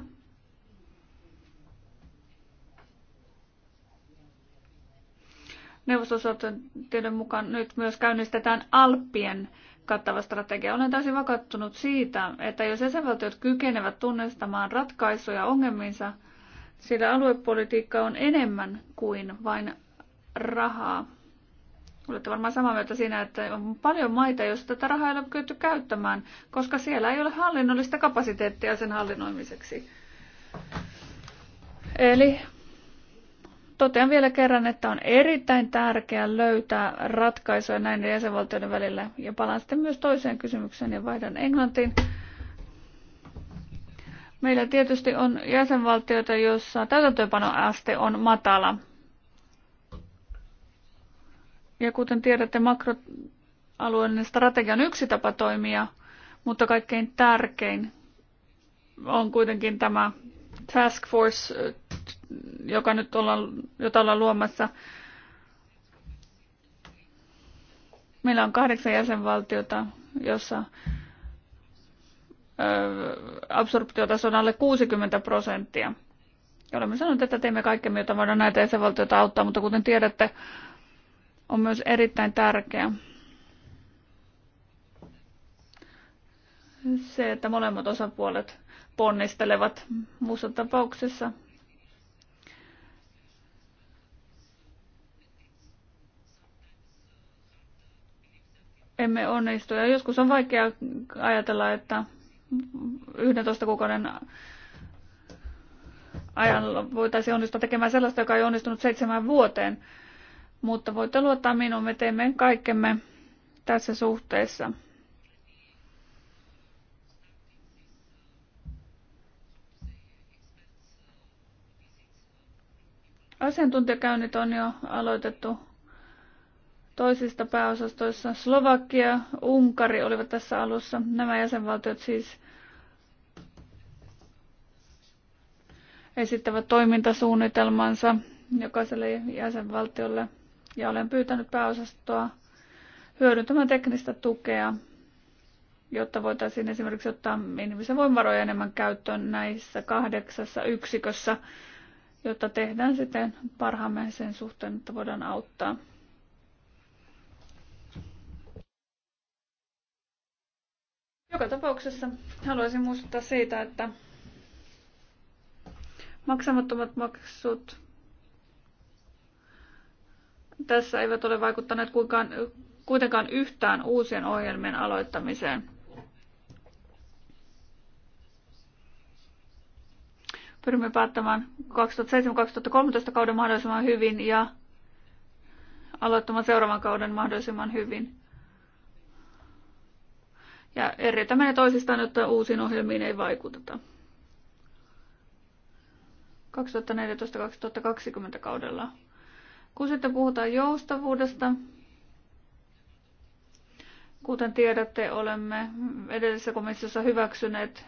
Neuvostosuotteiden mukaan nyt myös käynnistetään Alppien kattava strategia. Olen täysin vakattunut siitä, että jos jäsenvaltiot kykenevät tunnistamaan ratkaisuja ongelmiinsa, sillä aluepolitiikka on enemmän kuin vain rahaa. Olette varmaan samaa mieltä siinä, että on paljon maita, joissa tätä rahaa ei ole kyetty käyttämään, koska siellä ei ole hallinnollista kapasiteettia sen hallinnoimiseksi. Eli Totean vielä kerran, että on erittäin tärkeää löytää ratkaisuja näiden jäsenvaltioiden välillä. Ja palaan sitten myös toiseen kysymykseen ja vaihdan Englantiin. Meillä tietysti on jäsenvaltioita, joissa täytäntöönpanoaste on matala. Ja kuten tiedätte, makroalueellinen strategia on yksi tapa toimia, mutta kaikkein tärkein on kuitenkin tämä task force joka nyt ollaan, jota ollaan luomassa. Meillä on kahdeksan jäsenvaltiota, jossa absorptiotaso on alle 60 prosenttia. Olemme sanoneet, että teemme kaikkemme, jota voidaan näitä jäsenvaltioita auttaa, mutta kuten tiedätte, on myös erittäin tärkeää se, että molemmat osapuolet ponnistelevat muussa tapauksessa emme onnistu. Ja joskus on vaikea ajatella, että 11 kuukauden ajan voitaisiin onnistua tekemään sellaista, joka ei onnistunut seitsemän vuoteen. Mutta voitte luottaa minuun, me teemme kaikkemme tässä suhteessa. Asiantuntijakäynnit on jo aloitettu toisista pääosastoissa Slovakia, Unkari olivat tässä alussa. Nämä jäsenvaltiot siis esittävät toimintasuunnitelmansa jokaiselle jäsenvaltiolle ja olen pyytänyt pääosastoa hyödyntämään teknistä tukea, jotta voitaisiin esimerkiksi ottaa ihmisen voimavaroja enemmän käyttöön näissä kahdeksassa yksikössä, jotta tehdään sitten parhaamme sen suhteen, että voidaan auttaa Joka tapauksessa haluaisin muistuttaa siitä, että maksamattomat maksut tässä eivät ole vaikuttaneet kuinkaan, kuitenkaan yhtään uusien ohjelmien aloittamiseen. Pyrimme päättämään 2007-2013 kauden mahdollisimman hyvin ja aloittamaan seuraavan kauden mahdollisimman hyvin. Ja eriytämme toisistaan, jotta uusiin ohjelmiin ei vaikuteta. 2014-2020 kaudella. Kun sitten puhutaan joustavuudesta, kuten tiedätte, olemme edellisessä komissiossa hyväksyneet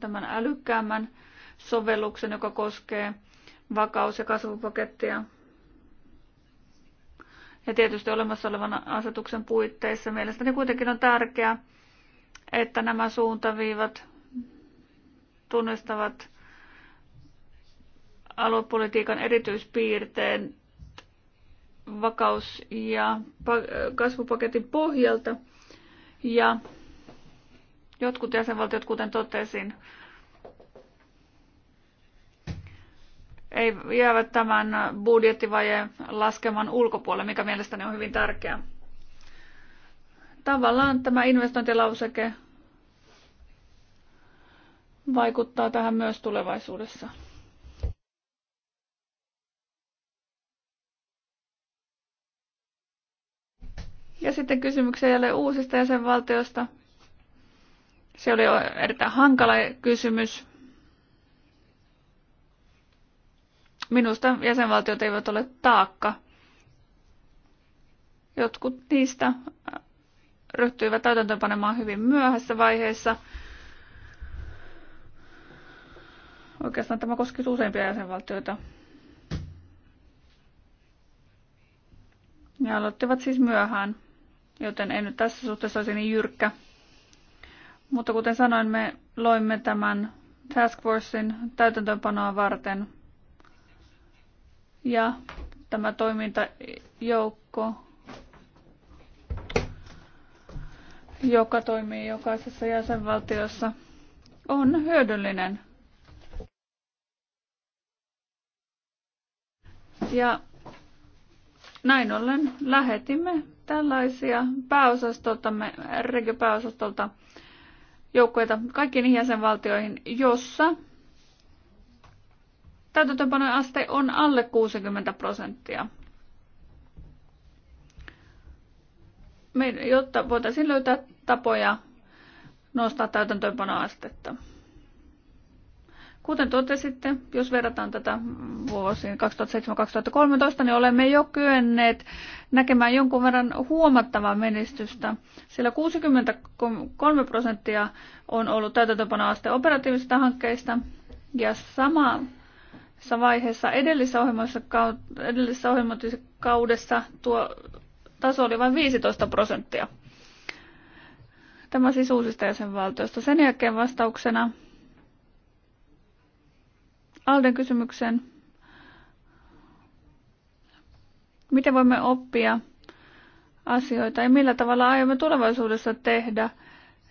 tämän älykkäämmän sovelluksen, joka koskee vakaus- ja kasvupakettia. Ja tietysti olemassa olevan asetuksen puitteissa mielestäni kuitenkin on tärkeää, että nämä suuntaviivat tunnistavat aluepolitiikan erityispiirteen vakaus- ja kasvupaketin pohjalta. Ja jotkut jäsenvaltiot, kuten totesin, ei jäävät tämän budjettivajeen laskeman ulkopuolelle, mikä mielestäni on hyvin tärkeää tavallaan tämä investointilauseke vaikuttaa tähän myös tulevaisuudessa. Ja sitten kysymyksiä jälleen uusista jäsenvaltioista. Se oli erittäin hankala kysymys. Minusta jäsenvaltiot eivät ole taakka. Jotkut niistä ryhtyivät täytäntöönpanemaan hyvin myöhässä vaiheessa. Oikeastaan tämä koski useimpia jäsenvaltioita. Ne aloittivat siis myöhään, joten en nyt tässä suhteessa olisi niin jyrkkä. Mutta kuten sanoin, me loimme tämän Task Forcein täytäntöönpanoa varten. Ja tämä toimintajoukko joka toimii jokaisessa jäsenvaltiossa, on hyödyllinen. Ja näin ollen lähetimme tällaisia pääosastoltamme, regiopääosastolta joukkoita kaikkiin jäsenvaltioihin, jossa täytäntöönpanojen aste on alle 60 prosenttia. jotta voitaisiin löytää tapoja nostaa täytäntöönpanoastetta. Kuten totesitte, jos verrataan tätä vuosiin 2007-2013, niin olemme jo kyenneet näkemään jonkun verran huomattavaa menestystä, sillä 63 prosenttia on ollut täytäntöönpanoaste operatiivisista hankkeista, ja sama vaiheessa edellisessä, edellisessä kaudessa tuo taso oli vain 15 prosenttia. Tämä siis uusista jäsenvaltioista. Sen jälkeen vastauksena Alden kysymykseen. Miten voimme oppia asioita ja millä tavalla aiomme tulevaisuudessa tehdä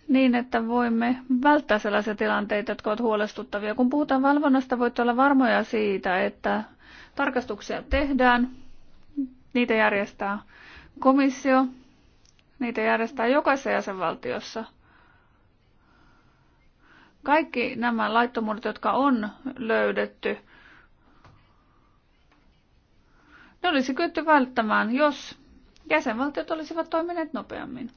niin, että voimme välttää sellaisia tilanteita, jotka ovat huolestuttavia. Kun puhutaan valvonnasta, voit olla varmoja siitä, että tarkastuksia tehdään, niitä järjestää Komissio niitä järjestää jokaisessa jäsenvaltiossa. Kaikki nämä laittomuudet, jotka on löydetty, ne olisi kyetty välttämään, jos jäsenvaltiot olisivat toimineet nopeammin.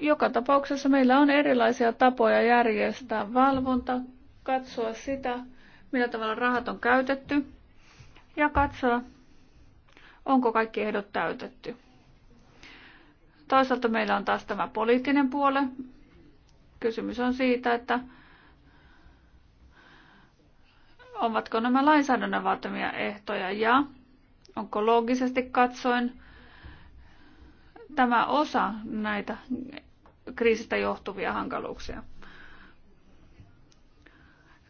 Joka tapauksessa meillä on erilaisia tapoja järjestää valvonta, katsoa sitä, millä tavalla rahat on käytetty ja katsoa, onko kaikki ehdot täytetty. Toisaalta meillä on taas tämä poliittinen puole. Kysymys on siitä, että ovatko nämä lainsäädännön vaatimia ehtoja ja onko loogisesti katsoen tämä osa näitä kriisistä johtuvia hankaluuksia.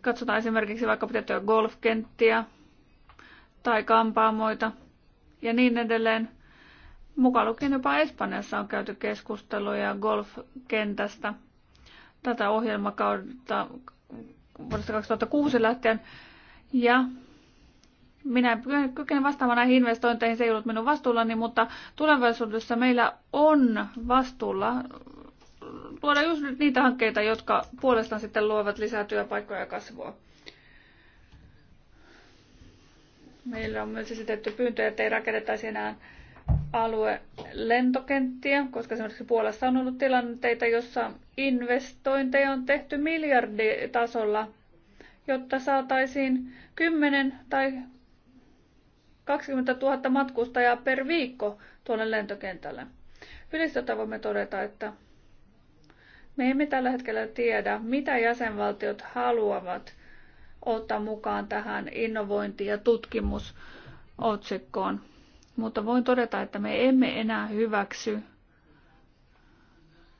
Katsotaan esimerkiksi vaikka pitettyä golfkenttiä tai kampaamoita – ja niin edelleen. Mukaan lukien jopa Espanjassa on käyty keskusteluja golfkentästä tätä ohjelmakautta vuodesta 2006 lähtien. Ja minä kykene vastaamaan näihin investointeihin, se ei ollut minun vastuullani, mutta tulevaisuudessa meillä on vastuulla luoda juuri niitä hankkeita, jotka puolestaan sitten luovat lisää työpaikkoja ja kasvua. Meillä on myös esitetty pyyntöjä, että ei rakennettaisi enää alue lentokenttiä, koska esimerkiksi Puolassa on ollut tilanteita, jossa investointeja on tehty miljarditasolla, jotta saataisiin 10 tai 20 000 matkustajaa per viikko tuonne lentokentälle. Ylistöltä voimme todeta, että me emme tällä hetkellä tiedä, mitä jäsenvaltiot haluavat ota mukaan tähän innovointi- ja tutkimusotsikkoon. Mutta voin todeta, että me emme enää hyväksy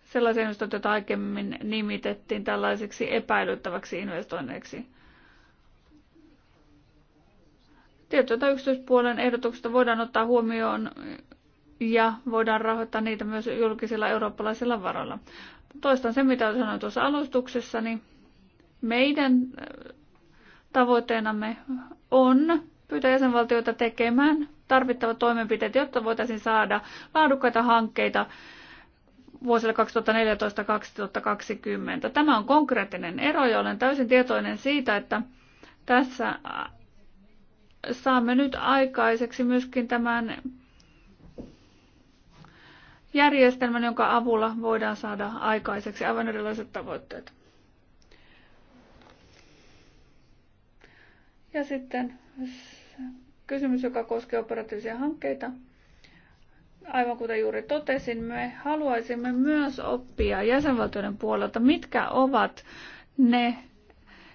sellaisia investointeja, joita aikemmin nimitettiin tällaiseksi epäilyttäväksi investoinneiksi. Tietoita yksityispuolen ehdotuksista voidaan ottaa huomioon ja voidaan rahoittaa niitä myös julkisilla eurooppalaisilla varoilla. Toistan sen, mitä sanoin tuossa alustuksessa, niin meidän Tavoitteenamme on pyytää jäsenvaltioita tekemään tarvittavat toimenpiteet, jotta voitaisiin saada laadukkaita hankkeita vuosille 2014-2020. Tämä on konkreettinen ero ja olen täysin tietoinen siitä, että tässä äh, saamme nyt aikaiseksi myöskin tämän järjestelmän, jonka avulla voidaan saada aikaiseksi aivan erilaiset tavoitteet. Ja sitten kysymys, joka koskee operatiivisia hankkeita. Aivan kuten juuri totesin, me haluaisimme myös oppia jäsenvaltioiden puolelta, mitkä ovat ne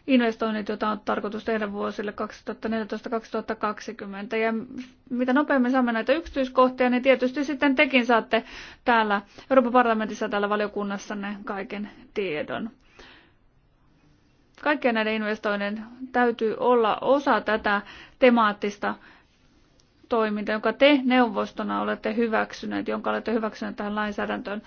investoinnit, joita on tarkoitus tehdä vuosille 2014-2020. Ja mitä nopeammin saamme näitä yksityiskohtia, niin tietysti sitten tekin saatte täällä Euroopan parlamentissa täällä valiokunnassa ne kaiken tiedon. Kaikkien näiden investoinnin täytyy olla osa tätä temaattista toimintaa, jonka te neuvostona olette hyväksyneet, jonka olette hyväksyneet tähän lainsäädäntöön.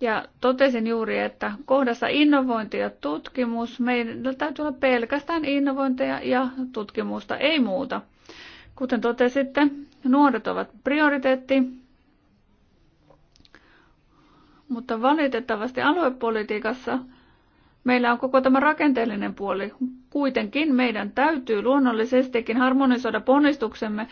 Ja totesin juuri, että kohdassa innovointi ja tutkimus, meillä täytyy olla pelkästään innovointeja ja tutkimusta, ei muuta. Kuten totesitte, nuoret ovat prioriteetti, mutta valitettavasti aluepolitiikassa – Meillä on koko tämä rakenteellinen puoli. Kuitenkin meidän täytyy luonnollisestikin harmonisoida ponnistuksemme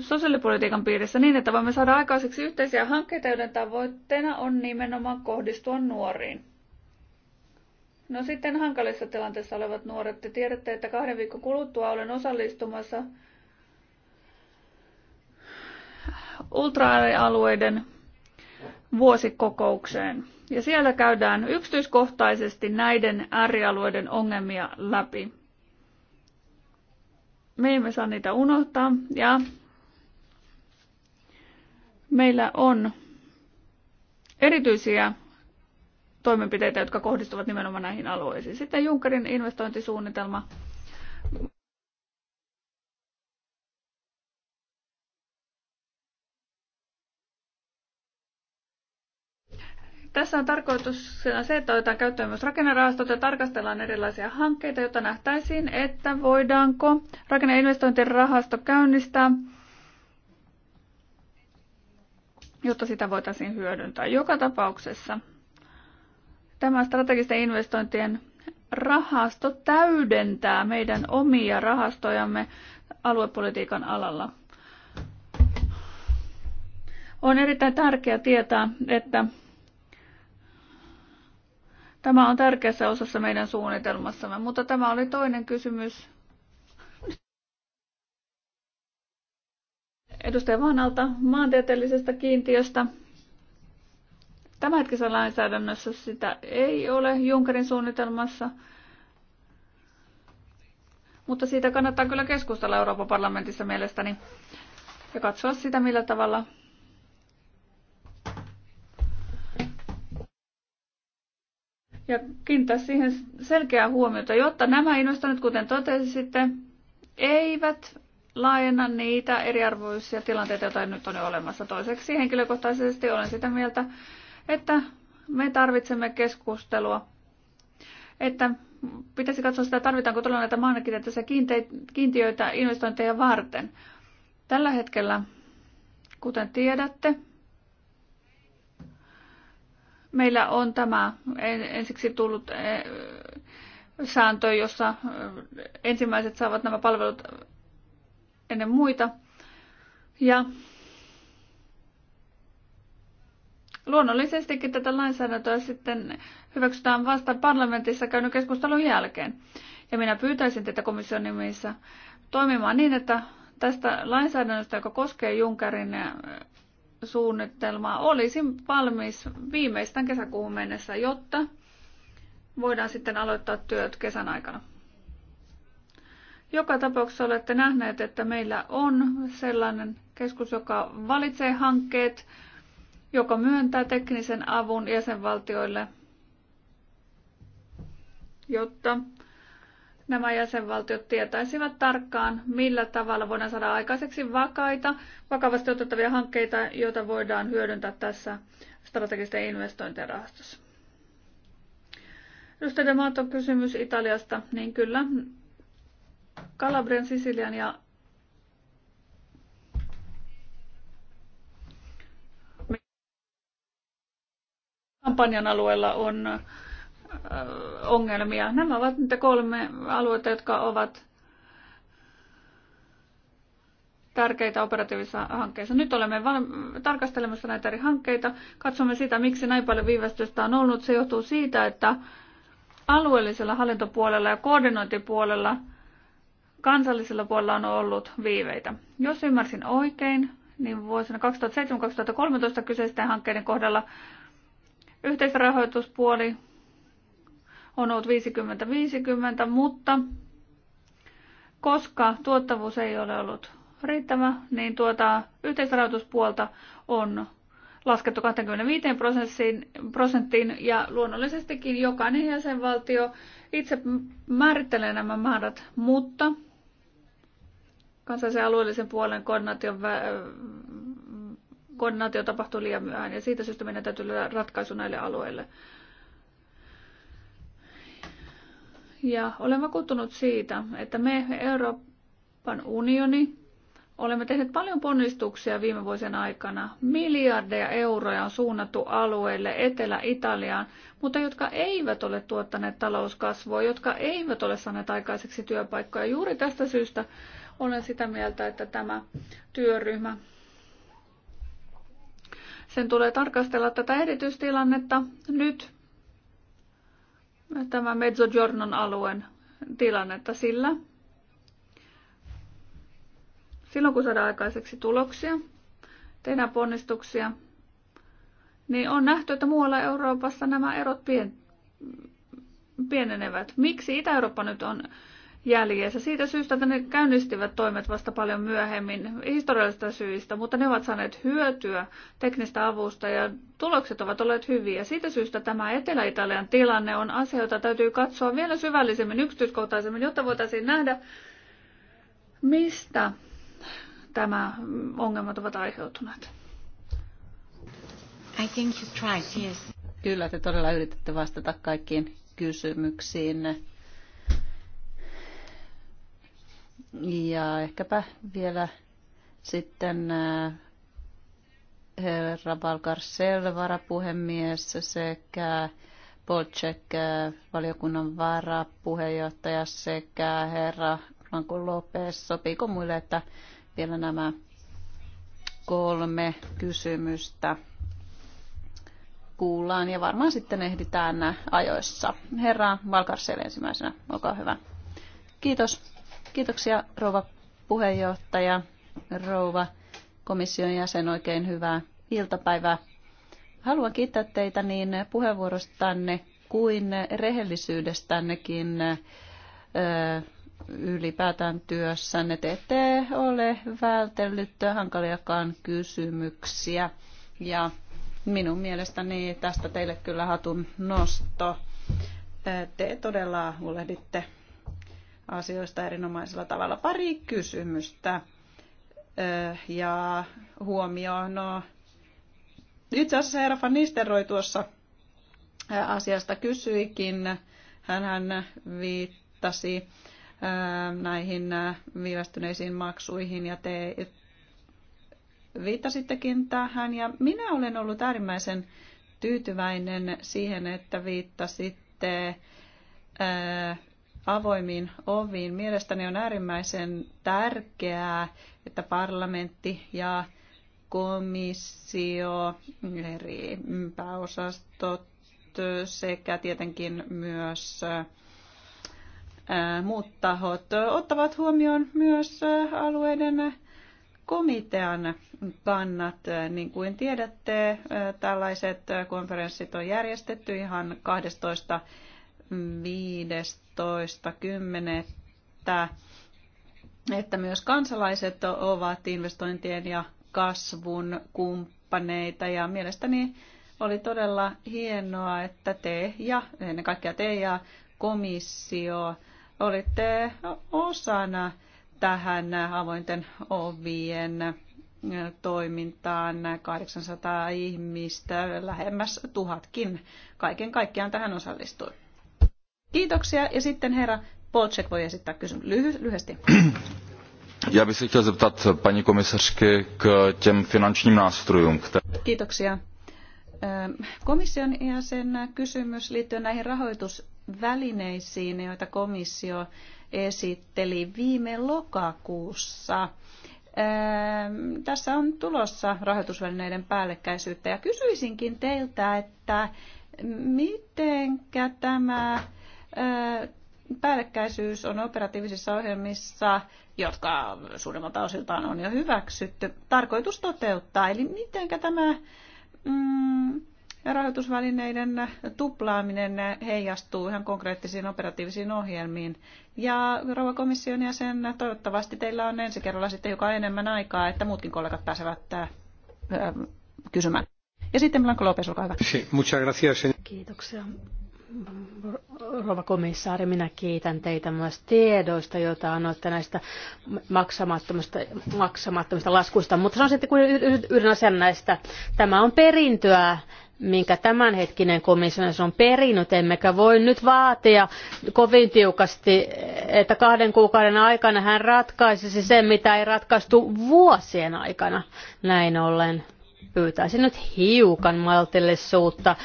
sosiaalipolitiikan piirissä niin, että voimme saada aikaiseksi yhteisiä hankkeita, joiden tavoitteena on nimenomaan kohdistua nuoriin. No sitten hankalissa tilanteissa olevat nuoret. Te tiedätte, että kahden viikon kuluttua olen osallistumassa ultraalueiden vuosikokoukseen. Ja siellä käydään yksityiskohtaisesti näiden äärialueiden ongelmia läpi. Me emme saa niitä unohtaa ja meillä on erityisiä toimenpiteitä, jotka kohdistuvat nimenomaan näihin alueisiin. Sitten Junckerin investointisuunnitelma Tässä on tarkoituksena se, että otetaan käyttöön myös rakennerahastot ja tarkastellaan erilaisia hankkeita, jotta nähtäisiin, että voidaanko rahasto käynnistää, jotta sitä voitaisiin hyödyntää. Joka tapauksessa tämä strategisten investointien rahasto täydentää meidän omia rahastojamme aluepolitiikan alalla. On erittäin tärkeää tietää, että Tämä on tärkeässä osassa meidän suunnitelmassamme, mutta tämä oli toinen kysymys. Edustaja Vanalta maantieteellisestä kiintiöstä. Tämänhetkisessä lainsäädännössä sitä ei ole Junkerin suunnitelmassa, mutta siitä kannattaa kyllä keskustella Euroopan parlamentissa mielestäni ja katsoa sitä, millä tavalla ja kiinnittää siihen selkeää huomiota, jotta nämä investoinnit, kuten totesitte, eivät laajenna niitä eriarvoisia tilanteita, joita nyt on jo olemassa. Toiseksi henkilökohtaisesti olen sitä mieltä, että me tarvitsemme keskustelua, että pitäisi katsoa sitä, tarvitaanko todella näitä maanakirjallisia kiintiöitä investointeja varten. Tällä hetkellä, kuten tiedätte, Meillä on tämä ensiksi tullut e, sääntö, jossa e, ensimmäiset saavat nämä palvelut ennen muita. Ja luonnollisestikin tätä lainsäädäntöä sitten hyväksytään vasta parlamentissa käynyt keskustelun jälkeen. Ja minä pyytäisin tätä komission nimissä toimimaan niin, että tästä lainsäädännöstä, joka koskee Junkerin e, suunnitelmaa olisi valmis viimeistään kesäkuun mennessä, jotta voidaan sitten aloittaa työt kesän aikana. Joka tapauksessa olette nähneet, että meillä on sellainen keskus, joka valitsee hankkeet, joka myöntää teknisen avun jäsenvaltioille, jotta nämä jäsenvaltiot tietäisivät tarkkaan, millä tavalla voidaan saada aikaiseksi vakaita, vakavasti otettavia hankkeita, joita voidaan hyödyntää tässä strategisten investointien rahastossa. Edustaja Dematon kysymys Italiasta, niin kyllä Kalabrian, Sisilian ja kampanjan alueella on ongelmia. Nämä ovat niitä kolme aluetta, jotka ovat tärkeitä operatiivisissa hankkeissa. Nyt olemme val- tarkastelemassa näitä eri hankkeita. Katsomme sitä, miksi näin paljon viivästystä on ollut. Se johtuu siitä, että alueellisella hallintopuolella ja koordinointipuolella kansallisella puolella on ollut viiveitä. Jos ymmärsin oikein, niin vuosina 2007-2013 kyseisten hankkeiden kohdalla yhteisrahoituspuoli on ollut 50-50, mutta koska tuottavuus ei ole ollut riittävä, niin tuota yhteisrahoituspuolta on laskettu 25 prosenttiin ja luonnollisestikin jokainen jäsenvaltio itse määrittelee nämä määrät, mutta kansallisen alueellisen puolen koordinaation koordinaatio tapahtuu liian myöhään ja siitä syystä meidän täytyy löytää ratkaisu näille alueille. Ja olen vakuuttunut siitä, että me Euroopan unioni olemme tehneet paljon ponnistuksia viime vuosien aikana. Miljardeja euroja on suunnattu alueelle Etelä-Italiaan, mutta jotka eivät ole tuottaneet talouskasvua, jotka eivät ole saaneet aikaiseksi työpaikkoja. Juuri tästä syystä olen sitä mieltä, että tämä työryhmä sen tulee tarkastella tätä erityistilannetta nyt tämä Mezzogiornon alueen tilannetta sillä. Silloin kun saadaan aikaiseksi tuloksia, tehdään ponnistuksia, niin on nähty, että muualla Euroopassa nämä erot pien, pienenevät. Miksi Itä-Eurooppa nyt on jäljessä. Siitä syystä, että ne käynnistivät toimet vasta paljon myöhemmin historiallisista syistä, mutta ne ovat saaneet hyötyä teknistä avusta ja tulokset ovat olleet hyviä. Siitä syystä tämä Etelä-Italian tilanne on asia, jota täytyy katsoa vielä syvällisemmin, yksityiskohtaisemmin, jotta voitaisiin nähdä, mistä tämä ongelmat ovat aiheutuneet. I think you tried, yes. Kyllä, te todella yritätte vastata kaikkiin kysymyksiin Ja ehkäpä vielä sitten äh, herra Balkarsel, varapuhemies, sekä Polcek, äh, valiokunnan varapuheenjohtaja, sekä herra Franco Lopez. Sopiiko muille, että vielä nämä kolme kysymystä kuullaan ja varmaan sitten ehditään ajoissa. Herra Valkarsel ensimmäisenä, olkaa hyvä. Kiitos. Kiitoksia rouva puheenjohtaja, rouva komission jäsen, oikein hyvää iltapäivää. Haluan kiittää teitä niin puheenvuorostanne kuin rehellisyydestännekin ylipäätään työssänne. Te ette ole vältellyt hankaliakaan kysymyksiä ja minun mielestäni tästä teille kyllä hatun nosto. Te todella huolehditte asioista erinomaisella tavalla. Pari kysymystä ja huomioon. No, itse asiassa herra Van Nisteroi tuossa asiasta kysyikin. Hän viittasi näihin viivästyneisiin maksuihin ja te viittasittekin tähän. Ja minä olen ollut äärimmäisen tyytyväinen siihen, että viittasitte avoimiin oviin. Mielestäni on äärimmäisen tärkeää, että parlamentti ja komissio, eri pääosastot sekä tietenkin myös muut tahot ottavat huomioon myös alueiden komitean kannat. Niin kuin tiedätte, tällaiset konferenssit on järjestetty ihan 12. 5. 15.10. että myös kansalaiset ovat investointien ja kasvun kumppaneita ja mielestäni oli todella hienoa, että te ja ennen kaikkea te ja komissio olitte osana tähän avointen ovien toimintaan 800 ihmistä, lähemmäs tuhatkin kaiken kaikkiaan tähän osallistui. Kiitoksia. Ja sitten herra Polček voi esittää kysymyksen Lyhy- lyhyesti. Já bych se chtěl zeptat paní komisařky k těm finančním nástrojům. Kiitoksia. Ehm, komission jäsen kysymys liittyen näihin rahoitusvälineisiin, joita komissio esitteli viime lokakuussa. Ehm, tässä on tulossa rahoitusvälineiden päällekkäisyyttä ja kysyisinkin teiltä, että mitenkä tämä päällekkäisyys on operatiivisissa ohjelmissa, jotka suurimmalta osiltaan on jo hyväksytty, tarkoitus toteuttaa. Eli miten tämä mm, rahoitusvälineiden tuplaaminen heijastuu ihan konkreettisiin operatiivisiin ohjelmiin. Ja rouva komission jäsen, toivottavasti teillä on ensi kerralla sitten joka enemmän aikaa, että muutkin kollegat pääsevät äh, kysymään. Ja sitten Blanco Lopes, olkaa hyvä. Kiitoksia rouva komissaari, minä kiitän teitä myös tiedoista, joita annoitte näistä maksamattomista, maksamattomista laskuista. Mutta sanoisin, että kun yhden asian näistä, tämä on perintöä, minkä tämänhetkinen komissio on perinnyt, emmekä voi nyt vaatia kovin tiukasti, että kahden kuukauden aikana hän ratkaisisi sen, mitä ei ratkaistu vuosien aikana. Näin ollen pyytäisin nyt hiukan maltillisuutta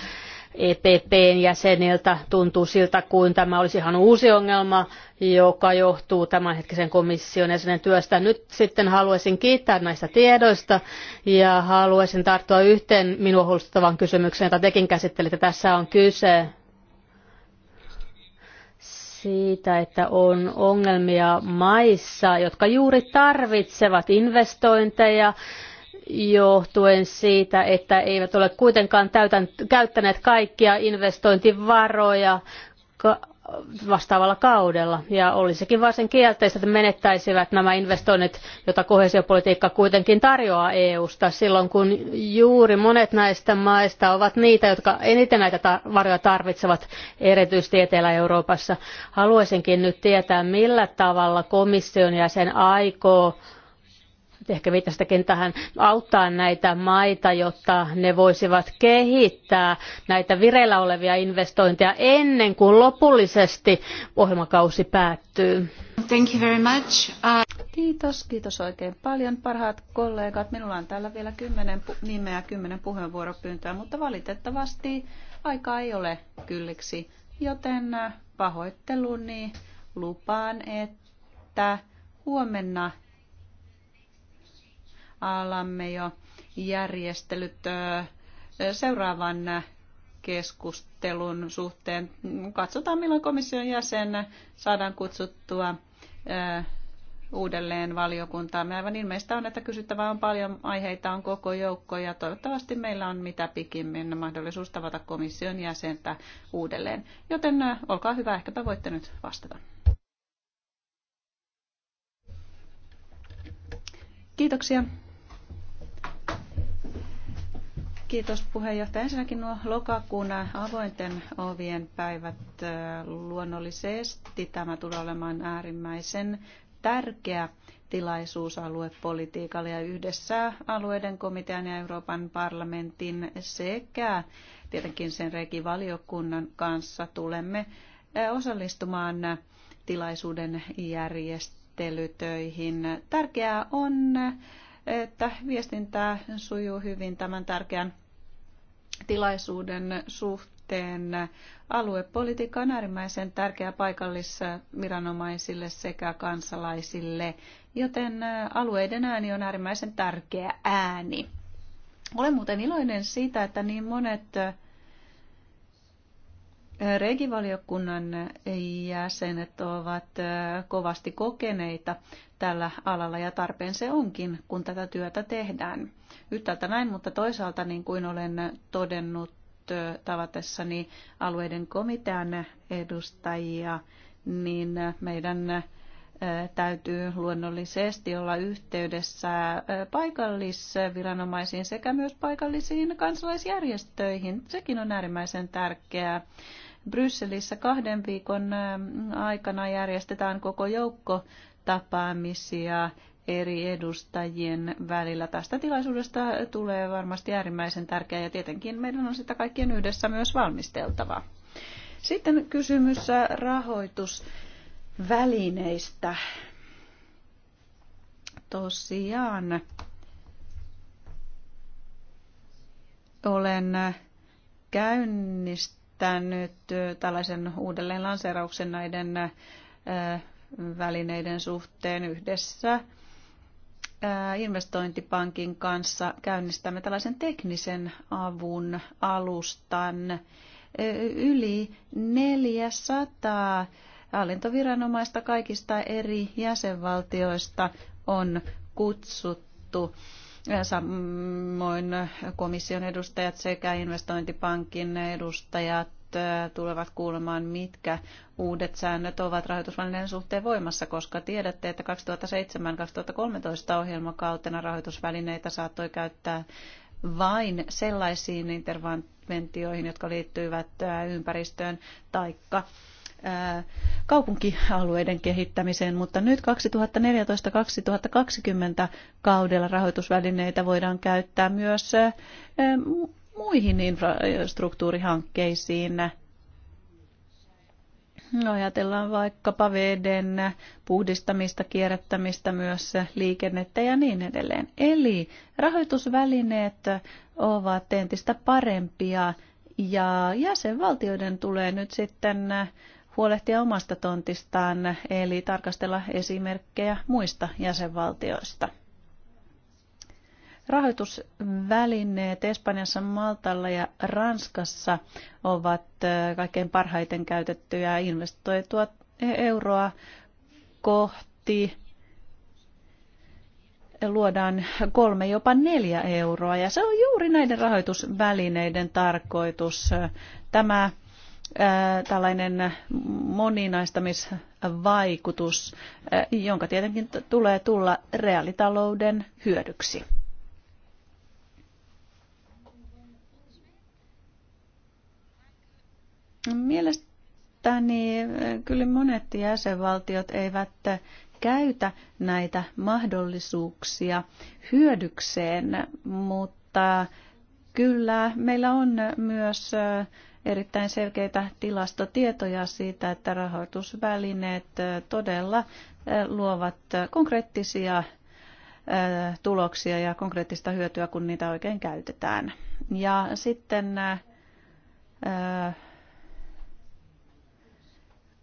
EPPn jäseniltä. Tuntuu siltä, kuin tämä olisi ihan uusi ongelma, joka johtuu tämänhetkisen komission jäsenen työstä. Nyt sitten haluaisin kiittää näistä tiedoista ja haluaisin tarttua yhteen minua huolestuttavaan kysymykseen, jota tekin käsittelitte. Tässä on kyse siitä, että on ongelmia maissa, jotka juuri tarvitsevat investointeja johtuen siitä, että eivät ole kuitenkaan täytän, käyttäneet kaikkia investointivaroja vastaavalla kaudella. Ja olisikin varsin kielteistä, että menettäisivät nämä investoinnit, joita kohesiopolitiikka kuitenkin tarjoaa EU-sta silloin, kun juuri monet näistä maista ovat niitä, jotka eniten näitä varoja tarvitsevat, erityisesti Etelä-Euroopassa. Haluaisinkin nyt tietää, millä tavalla komission jäsen aikoo ehkä viittasittekin tähän, auttaa näitä maita, jotta ne voisivat kehittää näitä vireillä olevia investointeja ennen kuin lopullisesti ohjelmakausi päättyy. Thank you very much. Uh... Kiitos, kiitos oikein paljon parhaat kollegat. Minulla on täällä vielä kymmenen pu- nimeä kymmenen puheenvuoropyyntöä, mutta valitettavasti aika ei ole kylliksi, joten äh, pahoitteluni lupaan, että huomenna alamme jo järjestelyt seuraavan keskustelun suhteen. Katsotaan, milloin komission jäsen saadaan kutsuttua uudelleen valiokuntaan. Aivan ilmeistä on, että kysyttävää on paljon, aiheita on koko joukko ja toivottavasti meillä on mitä pikimmin mahdollisuus tavata komission jäsentä uudelleen. Joten olkaa hyvä, ehkäpä voitte nyt vastata. Kiitoksia. Kiitos puheenjohtaja. Ensinnäkin nuo lokakuun avointen ovien päivät luonnollisesti tämä tulee olemaan äärimmäisen tärkeä tilaisuus aluepolitiikalle ja yhdessä alueiden komitean ja Euroopan parlamentin sekä tietenkin sen regivaliokunnan kanssa tulemme osallistumaan tilaisuuden järjestelytöihin. Tärkeää on, että viestintää sujuu hyvin tämän tärkeän tilaisuuden suhteen. Aluepolitiikka on äärimmäisen tärkeä paikallisviranomaisille sekä kansalaisille, joten alueiden ääni on äärimmäisen tärkeä ääni. Olen muuten iloinen siitä, että niin monet regivaliokunnan jäsenet ovat kovasti kokeneita tällä alalla ja tarpeen se onkin, kun tätä työtä tehdään yhtäältä näin, mutta toisaalta niin kuin olen todennut tavatessani alueiden komitean edustajia, niin meidän täytyy luonnollisesti olla yhteydessä paikallisviranomaisiin sekä myös paikallisiin kansalaisjärjestöihin. Sekin on äärimmäisen tärkeää. Brysselissä kahden viikon aikana järjestetään koko joukko tapaamisia eri edustajien välillä. Tästä tilaisuudesta tulee varmasti äärimmäisen tärkeä ja tietenkin meidän on sitä kaikkien yhdessä myös valmisteltava. Sitten kysymys rahoitusvälineistä. Tosiaan olen käynnistänyt tällaisen uudelleen lanseerauksen näiden välineiden suhteen yhdessä Äh, investointipankin kanssa käynnistämme tällaisen teknisen avun alustan äh, yli 400 hallintoviranomaista kaikista eri jäsenvaltioista on kutsuttu. Äh, samoin komission edustajat sekä investointipankin edustajat Äh, tulevat kuulemaan, mitkä uudet säännöt ovat rahoitusvälineen suhteen voimassa, koska tiedätte, että 2007-2013 ohjelmakautena rahoitusvälineitä saattoi käyttää vain sellaisiin interventioihin, jotka liittyivät äh, ympäristöön taikka äh, kaupunkialueiden kehittämiseen, mutta nyt 2014-2020 kaudella rahoitusvälineitä voidaan käyttää myös muihin infrastruktuurihankkeisiin. No, ajatellaan vaikkapa veden puhdistamista, kierrättämistä, myös liikennettä ja niin edelleen. Eli rahoitusvälineet ovat entistä parempia ja jäsenvaltioiden tulee nyt sitten huolehtia omasta tontistaan, eli tarkastella esimerkkejä muista jäsenvaltioista. Rahoitusvälineet Espanjassa, Maltalla ja Ranskassa ovat kaikkein parhaiten käytettyjä investoitua euroa kohti luodaan kolme, jopa neljä euroa. Ja se on juuri näiden rahoitusvälineiden tarkoitus. Tämä ää, tällainen moninaistamisvaikutus, ää, jonka tietenkin tulee tulla reaalitalouden hyödyksi. Mielestäni eh, kyllä monet jäsenvaltiot eivät eh, käytä näitä mahdollisuuksia hyödykseen, mutta kyllä meillä on eh, myös erittäin selkeitä tilastotietoja siitä, että rahoitusvälineet todella luovat konkreettisia tuloksia ja konkreettista hyötyä, kun niitä oikein käytetään. Ja sitten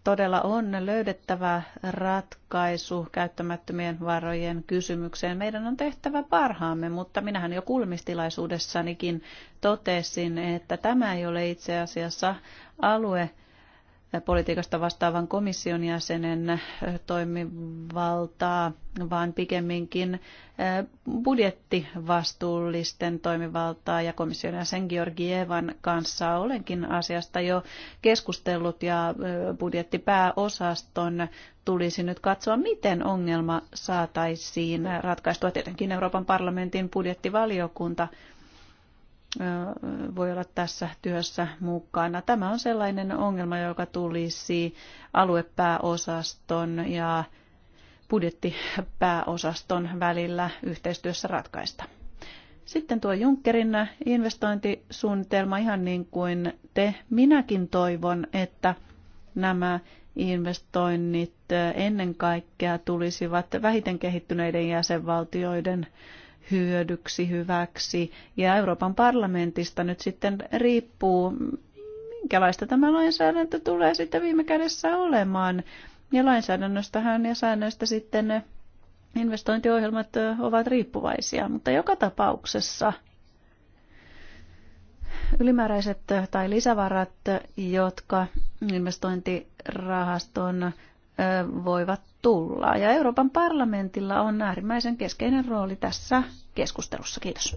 todella on löydettävä ratkaisu käyttämättömien varojen kysymykseen. Meidän on tehtävä parhaamme, mutta minähän jo kulmistilaisuudessanikin totesin, että tämä ei ole itse asiassa alue, politiikasta vastaavan komission jäsenen toimivaltaa, vaan pikemminkin budjettivastuullisten toimivaltaa ja komission jäsen Georgievan kanssa olenkin asiasta jo keskustellut ja budjettipääosaston tulisi nyt katsoa, miten ongelma saataisiin ratkaistua. Tietenkin Euroopan parlamentin budjettivaliokunta voi olla tässä työssä mukana. Tämä on sellainen ongelma, joka tulisi aluepääosaston ja budjettipääosaston välillä yhteistyössä ratkaista. Sitten tuo Junckerin investointisuunnitelma, ihan niin kuin te, minäkin toivon, että nämä investoinnit ennen kaikkea tulisivat vähiten kehittyneiden jäsenvaltioiden hyödyksi, hyväksi. Ja Euroopan parlamentista nyt sitten riippuu, minkälaista tämä lainsäädäntö tulee sitten viime kädessä olemaan. Ja lainsäädännöstähän ja säännöistä sitten investointiohjelmat ovat riippuvaisia, mutta joka tapauksessa ylimääräiset tai lisävarat, jotka investointirahaston voivat tulla. Ja Euroopan parlamentilla on äärimmäisen keskeinen rooli tässä keskustelussa. Kiitos.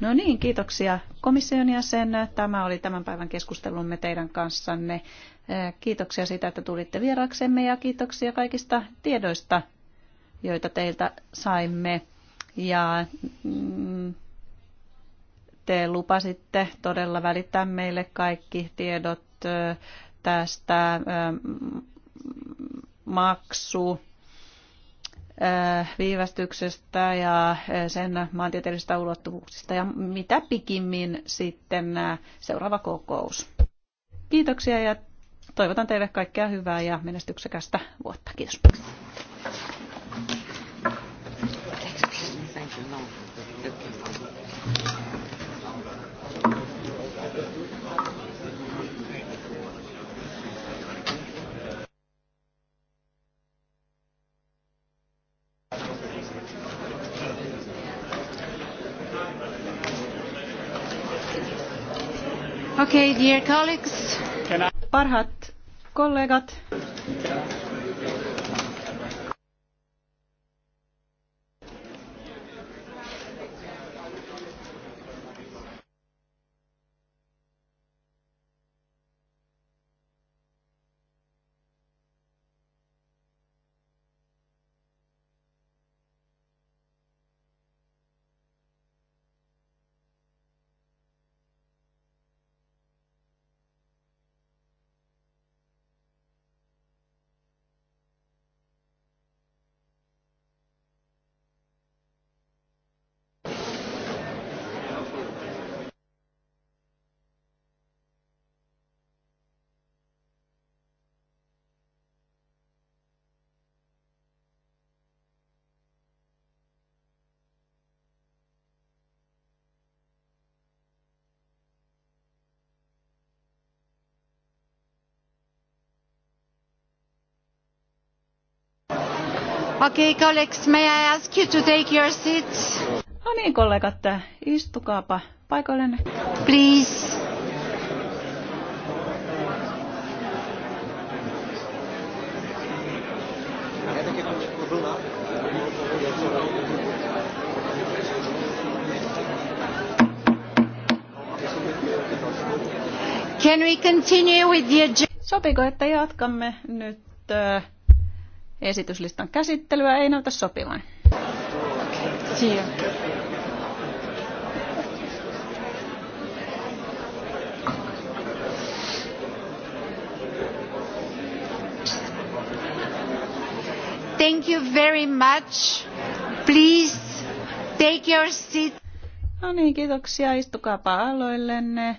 No niin, kiitoksia komission jäsen. Tämä oli tämän päivän keskustelumme teidän kanssanne. Kiitoksia siitä, että tulitte vieraksemme ja kiitoksia kaikista tiedoista, joita teiltä saimme. Ja mm, te lupasitte todella välittää meille kaikki tiedot tästä maksu äh, viivästyksestä ja äh, sen maantieteellisistä ulottuvuuksista ja mitä pikimmin sitten äh, seuraava kokous. Kiitoksia ja toivotan teille kaikkea hyvää ja menestyksekästä vuotta. Kiitos. Okay, dear colleagues. Parhaat kollegat, Okay, colleagues, may I ask you to take your seats? No niin, kollegat, istukaapa paikallenne. Please. Can we continue with the agenda? Sopiko, että jatkamme nyt äh, esityslistan käsittelyä ei näytä sopivan. Thank you very much. Please take your seat. No niin, kiitoksia. Istukaapa aloillenne.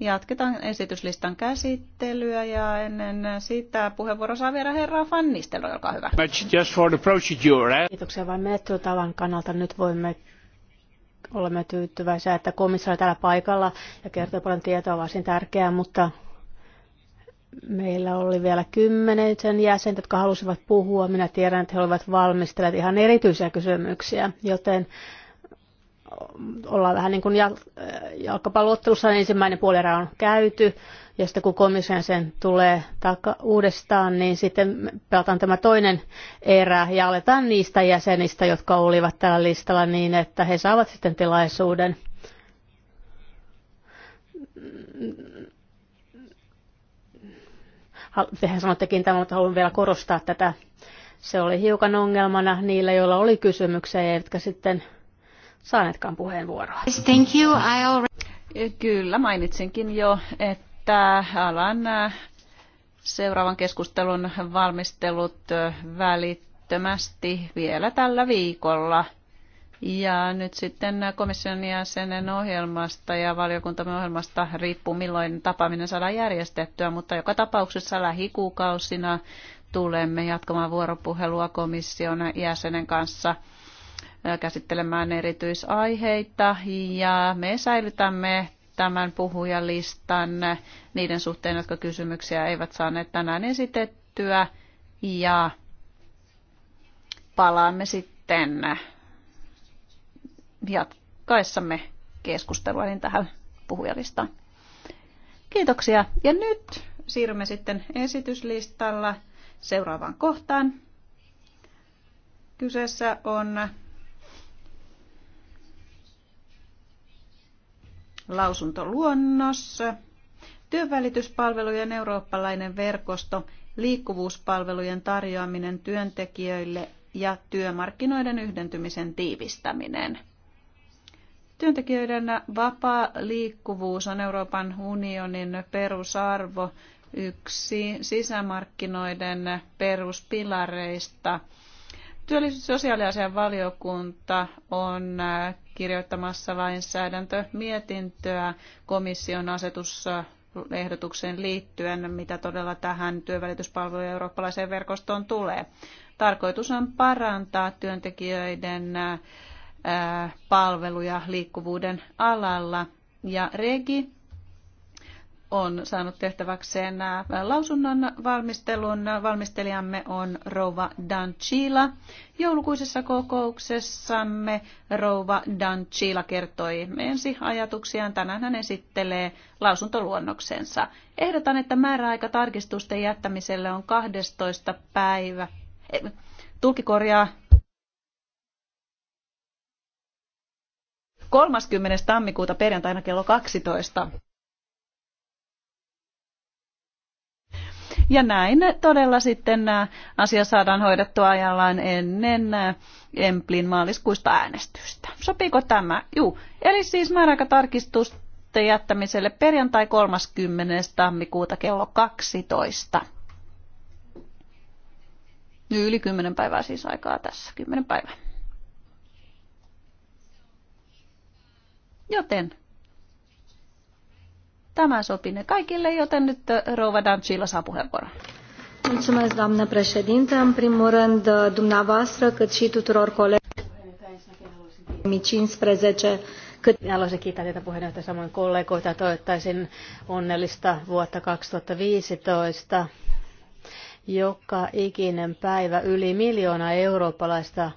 Jatketaan esityslistan käsittelyä ja ennen sitä puheenvuoro saa vielä herra Fannistelo, Nistelrooy, olkaa hyvä. Just for the procedure, eh? Kiitoksia vain menettelytavan kannalta. Nyt voimme olemme tyytyväisiä, että komissio on täällä paikalla ja kertoo paljon tietoa, varsin tärkeää, mutta meillä oli vielä kymmenen sen jäsentä, jotka halusivat puhua. Minä tiedän, että he olivat valmistelleet ihan erityisiä kysymyksiä, joten ollaan vähän niin kuin äh, jalkapalloottelussa niin ensimmäinen puolera on käyty, ja sitten kun komission sen tulee taka- uudestaan, niin sitten pelataan tämä toinen erä ja aletaan niistä jäsenistä, jotka olivat tällä listalla niin, että he saavat sitten tilaisuuden tehän sanottekin tämä, mutta haluan vielä korostaa tätä. Se oli hiukan ongelmana niillä, joilla oli kysymyksiä, jotka sitten saaneetkaan puheenvuoroa. Thank you. I already... Eh, kyllä, mainitsinkin jo, että alan äh, seuraavan keskustelun valmistelut äh, välittömästi vielä tällä viikolla. Ja nyt sitten komission jäsenen ohjelmasta ja valiokuntamme ohjelmasta riippuu, milloin tapaaminen saadaan järjestettyä, mutta joka tapauksessa lähikuukausina tulemme jatkamaan vuoropuhelua komission jäsenen kanssa – käsittelemään erityisaiheita ja me säilytämme tämän puhujalistan niiden suhteen, jotka kysymyksiä eivät saaneet tänään esitettyä ja palaamme sitten jatkaessamme keskustelua niin tähän puhujalistaan. Kiitoksia ja nyt siirrymme sitten esityslistalla seuraavaan kohtaan. Kyseessä on lausuntoluonnos. Työvälityspalvelujen eurooppalainen verkosto, liikkuvuuspalvelujen tarjoaminen työntekijöille ja työmarkkinoiden yhdentymisen tiivistäminen. Työntekijöiden vapaa liikkuvuus on Euroopan unionin perusarvo, yksi sisämarkkinoiden peruspilareista – Työllisyys- ja sosiaaliasian valiokunta on äh, kirjoittamassa lainsäädäntömietintöä komission ehdotukseen liittyen, mitä todella tähän työvälityspalvelujen eurooppalaiseen verkostoon tulee. Tarkoitus on parantaa työntekijöiden äh, palveluja liikkuvuuden alalla ja Regi on saanut tehtäväkseen äh, lausunnon valmistelun. Valmistelijamme on Rouva Danchila. Joulukuisessa kokouksessamme Rouva Danchila kertoi ensi ajatuksiaan. Tänään hän esittelee lausuntoluonnoksensa. Ehdotan, että määräaika tarkistusten jättämiselle on 12. päivä. Eh, korjaa. 30. tammikuuta perjantaina kello 12. Ja näin todella sitten äh, asia saadaan hoidettua ajallaan ennen äh, Emplin maaliskuista äänestystä. Sopiiko tämä? Juu. Eli siis määräaikatarkistus jättämiselle perjantai 30. tammikuuta kello 12. Yli 10 päivää siis aikaa tässä. 10 päivää. Joten Tämä ne kaikille, joten nyt äh, Rouva Dancila saa puheenvuoron. Mulțumesc, doamnă președinte. În primul rând, uh, dumneavoastră, cât și tuturor colegilor, Haluaisin kiittää teitä puheenjohtaja samoin kollegoita ja toivottaisin onnellista vuotta 2015. Joka ikinen päivä yli miljoona eurooppalaista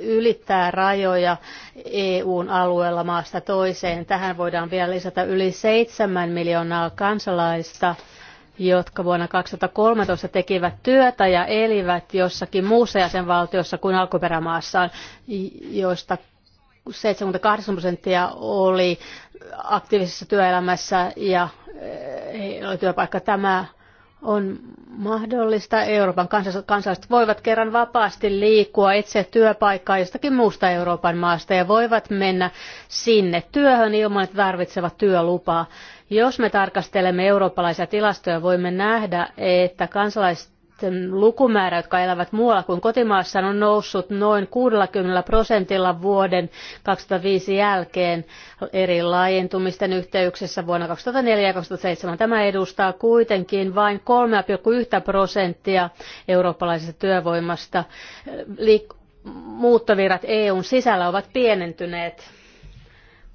ylittää rajoja EUn alueella maasta toiseen. Tähän voidaan vielä lisätä yli 7 miljoonaa kansalaista jotka vuonna 2013 tekivät työtä ja elivät jossakin muussa jäsenvaltiossa kuin alkuperämaassaan, joista 78 prosenttia oli aktiivisessa työelämässä ja eh, heillä oli työpaikka. Tämä on mahdollista. Euroopan kansalaiset voivat kerran vapaasti liikkua, etsiä työpaikkaa jostakin muusta Euroopan maasta ja voivat mennä sinne työhön ilman, että tarvitsevat työlupaa. Jos me tarkastelemme eurooppalaisia tilastoja, voimme nähdä, että kansalaiset lasten lukumäärä, jotka elävät muualla kuin kotimaassaan, on noussut noin 60 prosentilla vuoden 2005 jälkeen eri laajentumisten yhteyksessä vuonna 2004 ja 2007. Tämä edustaa kuitenkin vain 3,1 prosenttia eurooppalaisesta työvoimasta. Liik- muuttovirrat EUn sisällä ovat pienentyneet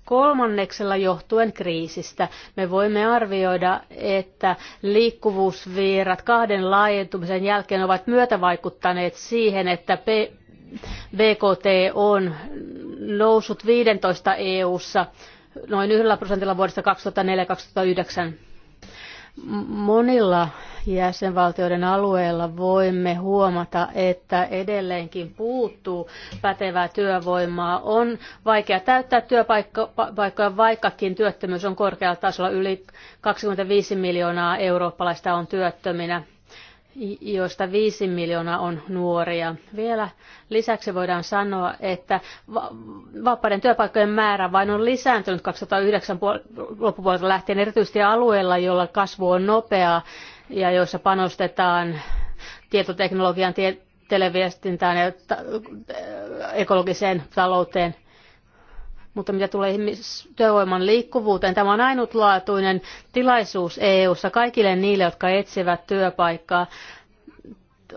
kolmanneksella johtuen kriisistä. Me voimme arvioida, että liikkuvuusvirrat kahden laajentumisen jälkeen ovat myötävaikuttaneet siihen, että BKT on noussut 15 EU-ssa noin yhdellä prosentilla vuodesta 2004-2009 Monilla jäsenvaltioiden alueilla voimme huomata, että edelleenkin puuttuu pätevää työvoimaa. On vaikea täyttää työpaikkoja, vaikkakin työttömyys on korkealla tasolla. Yli 25 miljoonaa eurooppalaista on työttöminä joista viisi miljoonaa on nuoria. Vielä lisäksi voidaan sanoa, että vapaiden työpaikkojen määrä vain on lisääntynyt 2009 loppupuolelta lähtien, erityisesti alueilla, joilla kasvu on nopeaa ja joissa panostetaan tietoteknologian, tie- televiestintään ja ekologiseen talouteen – mutta mitä tulee työvoiman liikkuvuuteen, tämä on ainutlaatuinen tilaisuus EU-ssa kaikille niille, jotka etsivät työpaikkaa.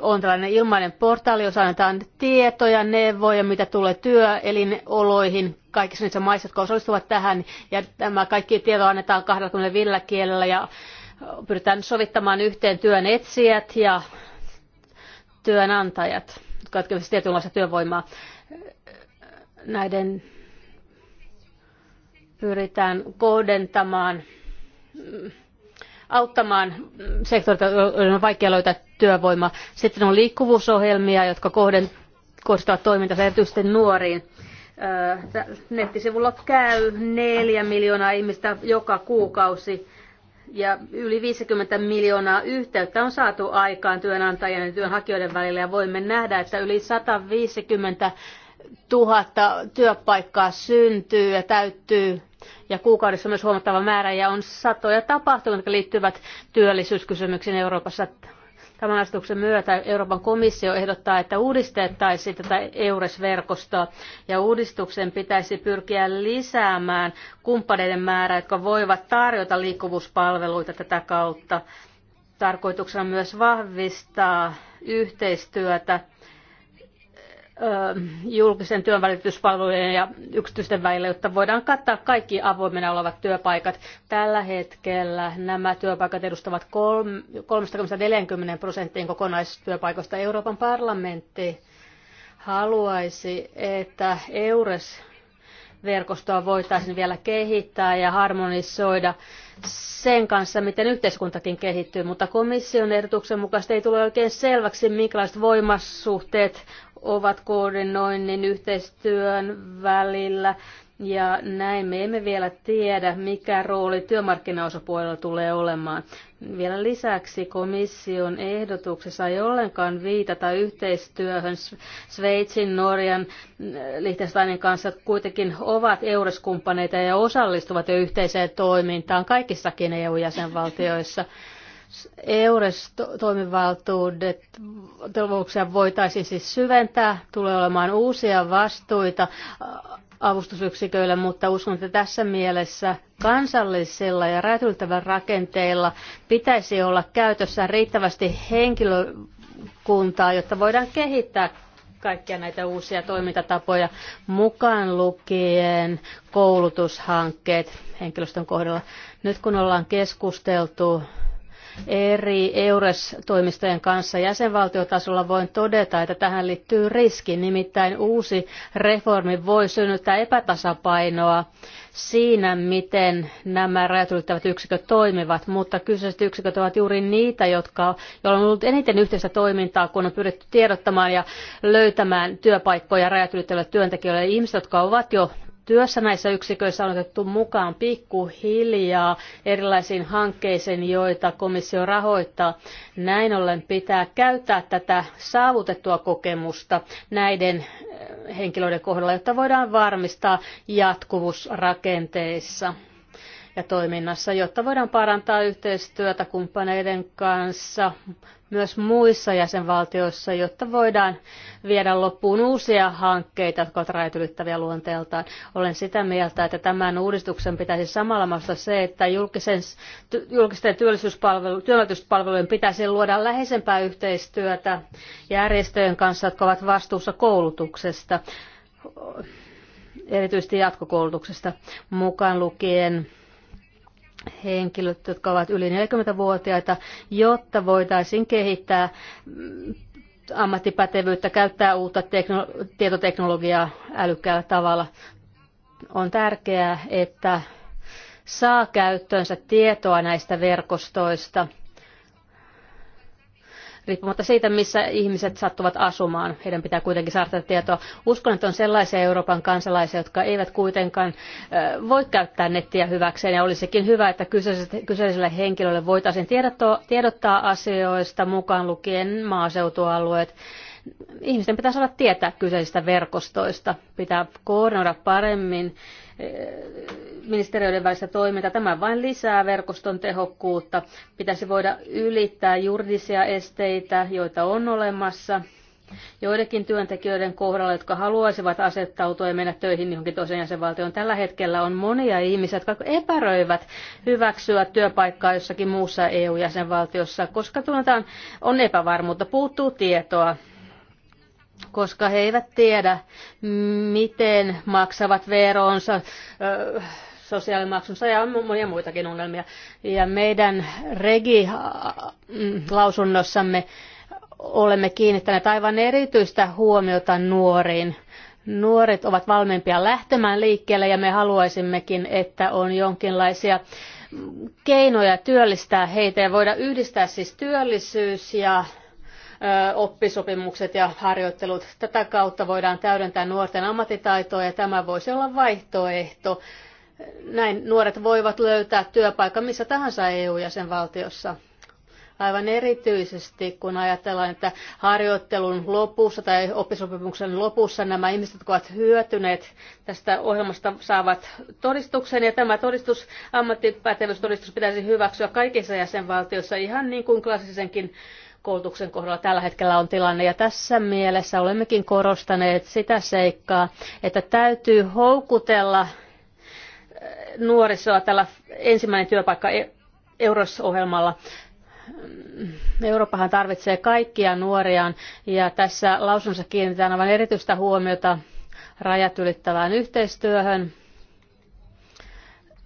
On tällainen ilmainen portaali, jossa annetaan tietoja, neuvoja, mitä tulee työelinoloihin kaikissa niissä maissa, jotka osallistuvat tähän. Ja tämä kaikki tieto annetaan 25 kielellä ja pyritään sovittamaan yhteen työn etsijät ja työnantajat, jotka ovat siis tietynlaista työvoimaa näiden pyritään kohdentamaan, auttamaan sektorita, joilla on vaikea löytää työvoimaa. Sitten on liikkuvuusohjelmia, jotka kohdistavat toimintansa erityisesti nuoriin nettisivulla käy neljä miljoonaa ihmistä joka kuukausi ja yli 50 miljoonaa yhteyttä on saatu aikaan työnantajien ja työnhakijoiden välillä ja voimme nähdä, että yli 150 tuhatta työpaikkaa syntyy ja täyttyy ja kuukaudessa myös huomattava määrä ja on satoja tapahtumia, jotka liittyvät työllisyyskysymyksiin Euroopassa. Tämän asetuksen myötä Euroopan komissio ehdottaa, että uudistettaisiin tätä EURES-verkostoa ja uudistuksen pitäisi pyrkiä lisäämään kumppaneiden määrää, jotka voivat tarjota liikkuvuuspalveluita tätä kautta. Tarkoituksena on myös vahvistaa yhteistyötä julkisen työnvälityspalvelujen ja yksityisten välillä, jotta voidaan kattaa kaikki avoimena olevat työpaikat. Tällä hetkellä nämä työpaikat edustavat 30-40 prosenttiin kokonaistyöpaikoista. Euroopan parlamentti haluaisi, että EURES verkostoa voitaisiin vielä kehittää ja harmonisoida sen kanssa, miten yhteiskuntakin kehittyy, mutta komission ehdotuksen mukaan ei tule oikein selväksi, minkälaiset voimasuhteet ovat koordinoinnin yhteistyön välillä. Ja näin me emme vielä tiedä, mikä rooli työmarkkinaosapuolella tulee olemaan. Vielä lisäksi komission ehdotuksessa ei ollenkaan viitata yhteistyöhön Sveitsin, Norjan, Liechtensteinin kanssa kuitenkin ovat euroskumppaneita ja osallistuvat jo yhteiseen toimintaan kaikissakin EU-jäsenvaltioissa. EURES-toimivaltuudet voitaisiin siis syventää, tulee olemaan uusia vastuita äh, avustusyksiköille, mutta uskon, että tässä mielessä kansallisilla ja räätyltävän rakenteilla pitäisi olla käytössä riittävästi henkilökuntaa, jotta voidaan kehittää kaikkia näitä uusia toimintatapoja mukaan lukien koulutushankkeet henkilöstön kohdalla. Nyt kun ollaan keskusteltu eri EURES-toimistojen kanssa jäsenvaltiotasolla, voin todeta, että tähän liittyy riski. Nimittäin uusi reformi voi synnyttää epätasapainoa siinä, miten nämä rajat ylittävät yksiköt toimivat, mutta kyseiset yksiköt ovat juuri niitä, jotka, joilla on ollut eniten yhteistä toimintaa, kun on pyritty tiedottamaan ja löytämään työpaikkoja rajat ylittäville työntekijöille. Ihmiset, jotka ovat jo työssä näissä yksiköissä on otettu mukaan pikkuhiljaa erilaisiin hankkeisiin, joita komissio rahoittaa. Näin ollen pitää käyttää tätä saavutettua kokemusta näiden eh, henkilöiden kohdalla, jotta voidaan varmistaa jatkuvuus rakenteissa ja toiminnassa, jotta voidaan parantaa yhteistyötä kumppaneiden kanssa myös muissa jäsenvaltioissa, jotta voidaan viedä loppuun uusia hankkeita, jotka ovat rajatylyttäviä luonteeltaan. Olen sitä mieltä, että tämän uudistuksen pitäisi samalla maassa se, että julkisen, julkisten työllisyyspalvelujen pitäisi luoda läheisempää yhteistyötä järjestöjen kanssa, jotka ovat vastuussa koulutuksesta erityisesti jatkokoulutuksesta mukaan lukien henkilöt, jotka ovat yli 40-vuotiaita, jotta voitaisiin kehittää mm, ammattipätevyyttä, käyttää uutta teknolo- tietoteknologiaa älykkäällä tavalla. On tärkeää, että saa käyttöönsä tietoa näistä verkostoista – riippumatta siitä, missä ihmiset sattuvat asumaan. Heidän pitää kuitenkin saada tietoa. Uskon, että on sellaisia Euroopan kansalaisia, jotka eivät kuitenkaan voi käyttää nettiä hyväkseen. Ja olisikin hyvä, että kyseiselle henkilölle voitaisiin tiedottaa asioista mukaan lukien maaseutualueet ihmisten pitää saada tietää kyseisistä verkostoista, pitää koordinoida paremmin Eh, ministeriöiden välistä toimintaa. Tämä vain lisää verkoston tehokkuutta. Pitäisi voida ylittää juridisia esteitä, joita on olemassa joidenkin työntekijöiden kohdalla, jotka haluaisivat asettautua ja mennä töihin johonkin toiseen jäsenvaltioon. Tällä hetkellä on monia ihmisiä, jotka epäröivät hyväksyä työpaikkaa jossakin muussa EU-jäsenvaltiossa, koska tunnetaan, on epävarmuutta, puuttuu tietoa koska he eivät tiedä, miten maksavat veronsa, sosiaalimaksunsa ja monia muitakin ongelmia. Ja meidän regi-lausunnossamme olemme kiinnittäneet aivan erityistä huomiota nuoriin. Nuoret ovat valmiimpia lähtemään liikkeelle ja me haluaisimmekin, että on jonkinlaisia keinoja työllistää heitä ja voida yhdistää siis työllisyys ja oppisopimukset ja harjoittelut. Tätä kautta voidaan täydentää nuorten ammattitaitoa ja tämä voisi olla vaihtoehto. Näin nuoret voivat löytää työpaikan missä tahansa EU-jäsenvaltiossa aivan erityisesti, kun ajatellaan, että harjoittelun lopussa tai oppisopimuksen lopussa nämä ihmiset, jotka ovat hyötyneet tästä ohjelmasta, saavat todistuksen. Ja tämä todistus, ammattipätevyystodistus pitäisi hyväksyä kaikissa jäsenvaltioissa, ihan niin kuin klassisenkin koulutuksen kohdalla tällä hetkellä on tilanne. Ja tässä mielessä olemmekin korostaneet sitä seikkaa, että täytyy houkutella eh, nuorisoa tällä ensimmäinen työpaikka e- EUROS-ohjelmalla. Mm, Eurooppahan tarvitsee kaikkia nuoriaan ja tässä lausunnossa kiinnitetään aivan erityistä huomiota rajat ylittävään yhteistyöhön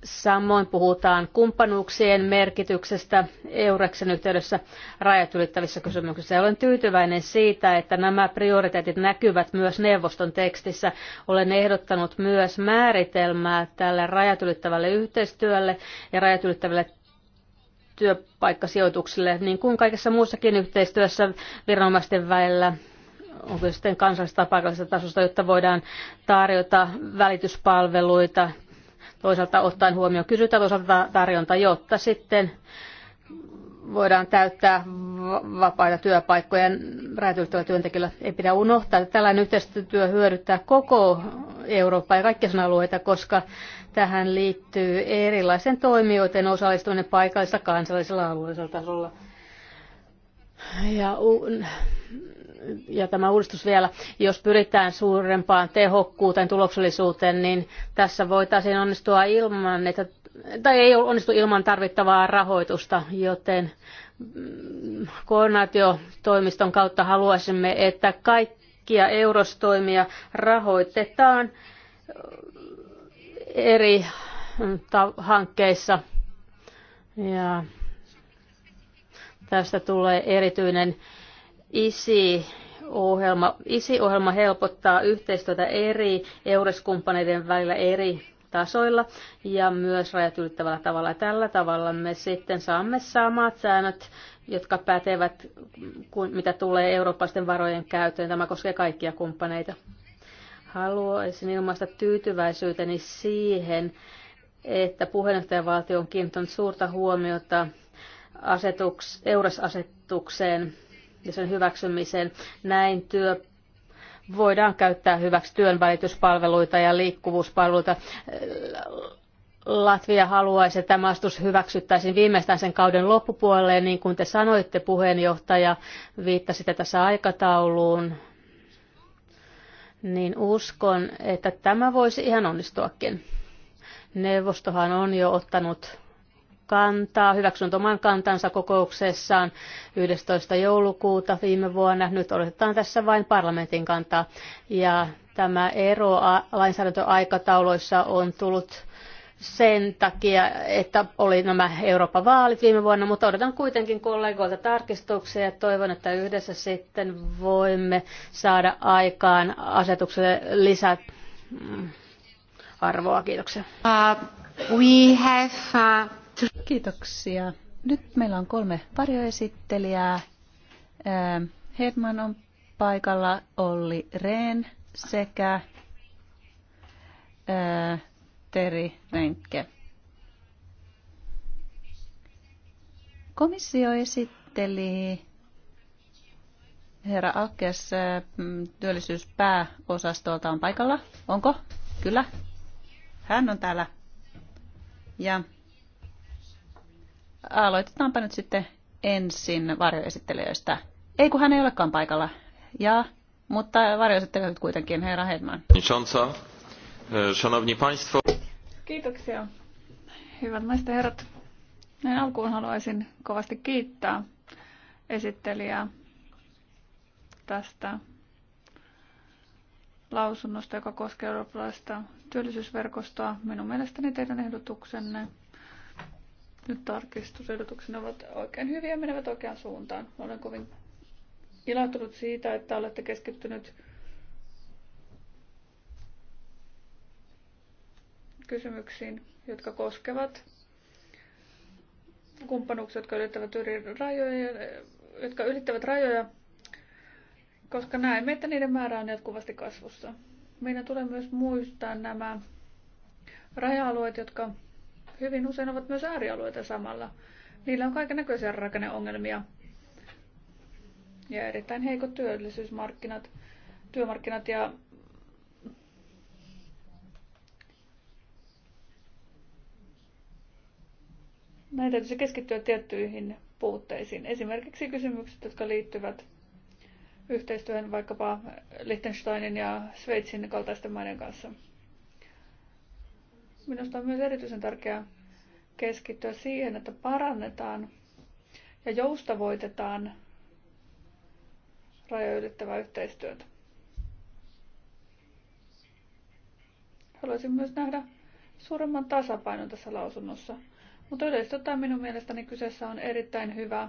Samoin puhutaan kumppanuuksien merkityksestä Eureksen yhteydessä rajat ylittävissä kysymyksissä. Olen tyytyväinen siitä, että nämä prioriteetit näkyvät myös neuvoston tekstissä. Olen ehdottanut myös määritelmää tälle rajat ylittävälle yhteistyölle ja rajat ylittävälle työpaikkasijoituksille, niin kuin kaikessa muussakin yhteistyössä viranomaisten välillä onko sitten kansallisesta tai paikallisesta tasosta, jotta voidaan tarjota välityspalveluita, toisaalta ottaen huomioon kysyntä, toisaalta tarjonta, jotta sitten voidaan täyttää vapaita työpaikkoja räätyyttävä työntekijöillä. Ei pidä unohtaa, että tällainen yhteistyö hyödyttää koko Eurooppaa ja kaikkia sen alueita, koska tähän liittyy erilaisten toimijoiden osallistuminen paikallisella, kansallisella, alueellisella tasolla. Ja ja tämä uudistus vielä, jos pyritään suurempaan tehokkuuteen, tuloksellisuuteen, niin tässä voitaisiin onnistua ilman, että, tai ei onnistu ilman tarvittavaa rahoitusta, joten mm, koordinaatiotoimiston kautta haluaisimme, että kaikkia eurostoimia rahoitetaan eri mm, hankkeissa. Ja tästä tulee erityinen ISI ohjelma. ISI-ohjelma helpottaa yhteistyötä eri EURES-kumppaneiden välillä eri tasoilla ja myös rajat ylittävällä tavalla. Tällä tavalla me sitten saamme samat säännöt, jotka pätevät, mitä tulee eurooppalaisten varojen käyttöön. Tämä koskee kaikkia kumppaneita. Haluaisin ilmaista tyytyväisyyteni siihen, että puheenjohtajavaltio on kiinnittänyt suurta huomiota asetuks, EURES-asetukseen ja sen hyväksymiseen. Näin työ voidaan käyttää hyväksi työnvälityspalveluita ja liikkuvuuspalveluita. Latvia haluaisi, että tämä astus hyväksyttäisiin viimeistään sen kauden loppupuolelle, ja niin kuin te sanoitte, puheenjohtaja, viittasitte tässä aikatauluun, niin uskon, että tämä voisi ihan onnistuakin. Neuvostohan on jo ottanut kantaa, hyväksynyt oman kantansa kokouksessaan 11. joulukuuta viime vuonna. Nyt odotetaan tässä vain parlamentin kantaa. Ja tämä ero lainsäädäntöaikatauloissa on tullut sen takia, että oli nämä Euroopan vaalit viime vuonna, mutta odotan kuitenkin kollegoilta tarkistuksia ja toivon, että yhdessä sitten voimme saada aikaan asetukselle lisää mm, arvoa. Kiitoksia. Uh, we have, uh... Kiitoksia. Nyt meillä on kolme varjoesittelijää. Hedman on paikalla, Olli Rehn sekä Teri Renkke. Komissio esitteli herra Akkes työllisyyspääosastolta on paikalla. Onko? Kyllä. Hän on täällä. Ja aloitetaanpa nyt sitten ensin varjoesittelijöistä. Ei kun hän ei olekaan paikalla. Ja, mutta varjoesittelijöitä kuitenkin, herra Hedman. E, szanowni Państwo. Kiitoksia. Hyvät naiset herrat. Näin alkuun haluaisin kovasti kiittää esittelijää tästä lausunnosta, joka koskee eurooppalaista työllisyysverkostoa. Minun mielestäni teidän ehdotuksenne nyt tarkistusehdotuksena ovat oikein hyviä ja menevät oikeaan suuntaan. Olen kovin ilahtunut siitä, että olette keskittynyt kysymyksiin, jotka koskevat kumppanuuksia, jotka ylittävät rajoja, jotka ylittävät rajoja, koska näemme, että niiden määrä on jatkuvasti kasvussa. Meidän tulee myös muistaa nämä raja-alueet, jotka hyvin usein ovat myös äärialueita samalla. Niillä on kaiken näköisiä rakenneongelmia ja erittäin heikot työllisyysmarkkinat, työmarkkinat ja näitä täytyisi keskittyä tiettyihin puutteisiin. Esimerkiksi kysymykset, jotka liittyvät yhteistyöhön vaikkapa Liechtensteinin ja Sveitsin kaltaisten maiden kanssa. Minusta on myös erityisen tärkeää keskittyä siihen, että parannetaan ja joustavoitetaan rajoylittävää yhteistyötä. Haluaisin myös nähdä suuremman tasapainon tässä lausunnossa. Mutta yleisesti ottaen minun mielestäni kyseessä on erittäin hyvä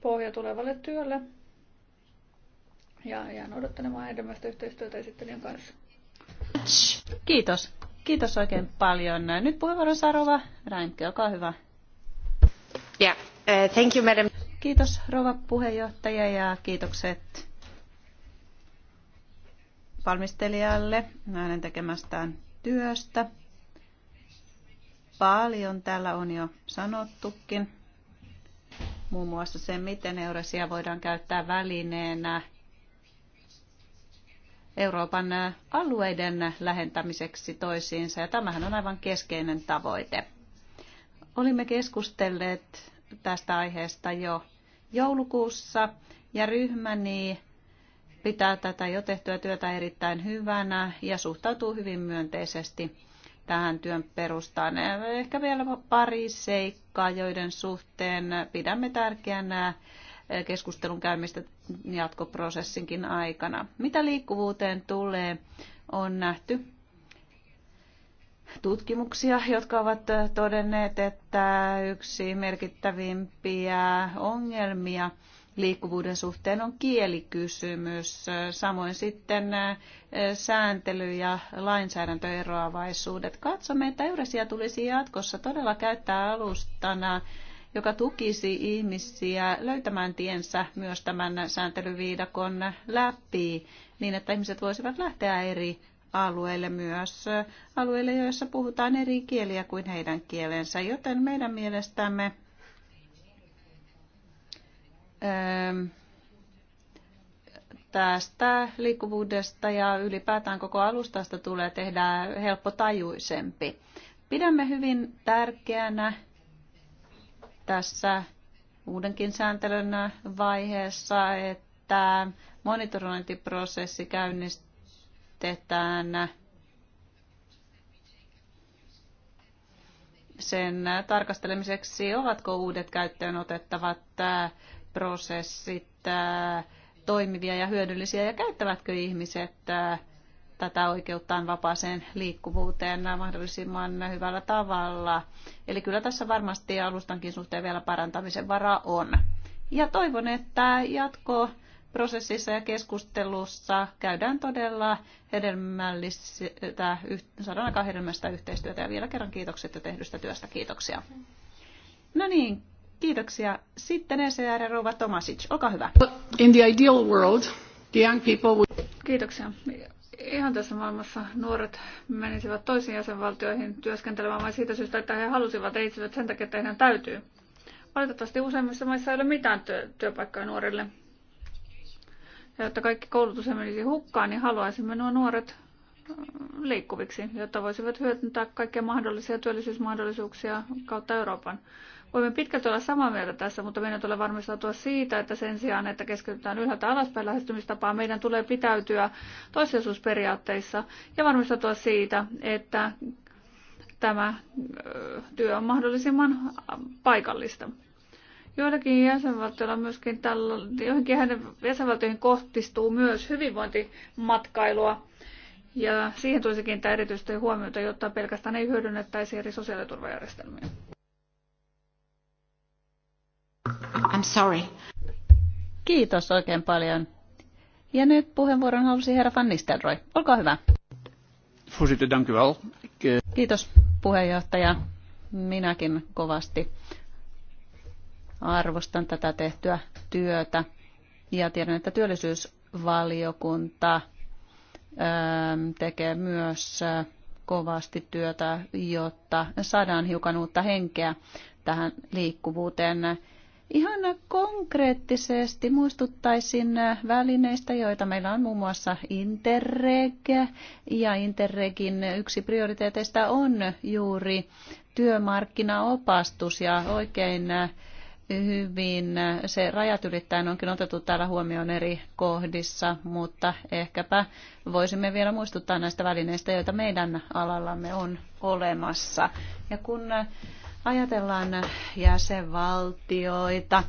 pohja tulevalle työlle. Ja jään odottelemaan edemmästä yhteistyötä esittelijän kanssa. Kiitos. Kiitos oikein paljon. Nyt puheenvuoro Sarova Raimke, olkaa hyvä. Yeah. Uh, thank you, madam. Kiitos rouva puheenjohtaja ja kiitokset valmistelijalle hänen tekemästään työstä. Paljon täällä on jo sanottukin, muun muassa se, miten eurasia voidaan käyttää välineenä – Euroopan alueiden lähentämiseksi toisiinsa, ja tämähän on aivan keskeinen tavoite. Olimme keskustelleet tästä aiheesta jo joulukuussa, ja ryhmäni pitää tätä jo tehtyä työtä erittäin hyvänä ja suhtautuu hyvin myönteisesti tähän työn perustaan. Ehkä vielä pari seikkaa, joiden suhteen pidämme tärkeänä keskustelun käymistä jatkoprosessinkin aikana. Mitä liikkuvuuteen tulee, on nähty tutkimuksia, jotka ovat todenneet, että yksi merkittävimpiä ongelmia liikkuvuuden suhteen on kielikysymys, samoin sitten sääntely- ja lainsäädäntöeroavaisuudet. Katsomme, että Eurasiä tulisi jatkossa todella käyttää alustana joka tukisi ihmisiä löytämään tiensä myös tämän sääntelyviidakon läpi, niin että ihmiset voisivat lähteä eri alueille myös, alueille, joissa puhutaan eri kieliä kuin heidän kielensä, joten meidän mielestämme ähm, tästä liikkuvuudesta ja ylipäätään koko alustasta tulee tehdä helppotajuisempi. Pidämme hyvin tärkeänä tässä uudenkin sääntelyn vaiheessa, että monitorointiprosessi käynnistetään sen tarkastelemiseksi, ovatko uudet käyttöön otettavat prosessit toimivia ja hyödyllisiä ja käyttävätkö ihmiset tätä oikeuttaan vapaaseen liikkuvuuteen mahdollisimman hyvällä tavalla. Eli kyllä tässä varmasti alustankin suhteen vielä parantamisen vara on. Ja toivon, että jatko prosessissa ja keskustelussa käydään todella hedelmällistä, hedelmällistä yhteistyötä ja vielä kerran kiitokset ja tehdystä työstä. Kiitoksia. No niin, kiitoksia. Sitten ECR ja Rouva Tomasic, olkaa hyvä. In the ideal world, the young people would... Kiitoksia ihan tässä maailmassa nuoret menisivät toisiin jäsenvaltioihin työskentelemään vain siitä syystä, että he halusivat, eivät sen takia, että heidän täytyy. Valitettavasti useimmissa maissa ei ole mitään työ, työpaikkaa nuorille. Ja jotta kaikki koulutus menisi hukkaan, niin haluaisimme nuo nuoret mm, liikkuviksi, jotta voisivat hyödyntää kaikkia mahdollisia työllisyysmahdollisuuksia kautta Euroopan. Voimme pitkälti olla samaa mieltä tässä, mutta meidän tulee varmistautua siitä, että sen sijaan, että keskitytään ylhäältä alaspäin lähestymistapaa, meidän tulee pitäytyä toissijaisuusperiaatteissa ja varmistautua siitä, että tämä työ on mahdollisimman paikallista. Joillakin jäsenvaltioilla myöskin tällä, joihinkin hänen jäsenvaltioihin kohtistuu myös hyvinvointimatkailua. Ja siihen tulisi kiinnittää erityisesti huomiota, jotta pelkästään ei hyödynnettäisi eri sosiaaliturvajärjestelmiä. I'm sorry. Kiitos oikein paljon. Ja nyt puheenvuoron halusi herra Van Nistelrooy. Olkaa hyvä. Voorzitter, dank u wel. Eh, Kiitos puheenjohtaja. Minäkin kovasti arvostan tätä tehtyä työtä. Ja tiedän, että työllisyysvaliokunta ähm, tekee myös äh, kovasti työtä, jotta saadaan hiukan uutta henkeä tähän liikkuvuuteen. Ihan konkreettisesti muistuttaisin välineistä, joita meillä on muun muassa Interreg. Ja Interregin yksi prioriteeteista on juuri työmarkkinaopastus ja oikein hyvin se rajat ylittäen onkin otettu täällä huomioon eri kohdissa, mutta ehkäpä voisimme vielä muistuttaa näistä välineistä, joita meidän alallamme on olemassa. Ja kun ajatellaan jäsenvaltioita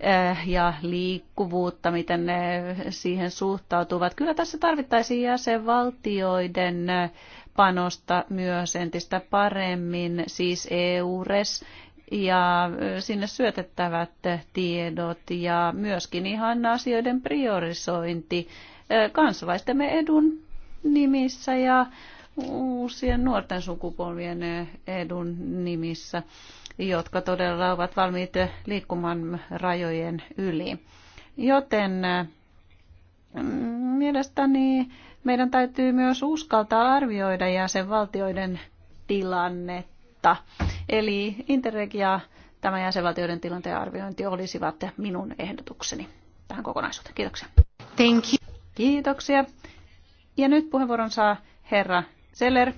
eh, ja liikkuvuutta, miten ne siihen suhtautuvat. Kyllä tässä tarvittaisiin jäsenvaltioiden eh, panosta myös entistä paremmin, siis EURES ja eh, sinne syötettävät tiedot ja myöskin ihan asioiden priorisointi kansalaistemme edun nimissä ja uusien nuorten sukupolvien edun nimissä, jotka todella ovat valmiit liikkumaan rajojen yli. Joten mm, mielestäni meidän täytyy myös uskaltaa arvioida jäsenvaltioiden tilannetta. Eli Interreg ja tämä jäsenvaltioiden tilanteen arviointi olisivat minun ehdotukseni tähän kokonaisuuteen. Kiitoksia. Thank you. Kiitoksia. Ja nyt puheenvuoron saa herra Seller.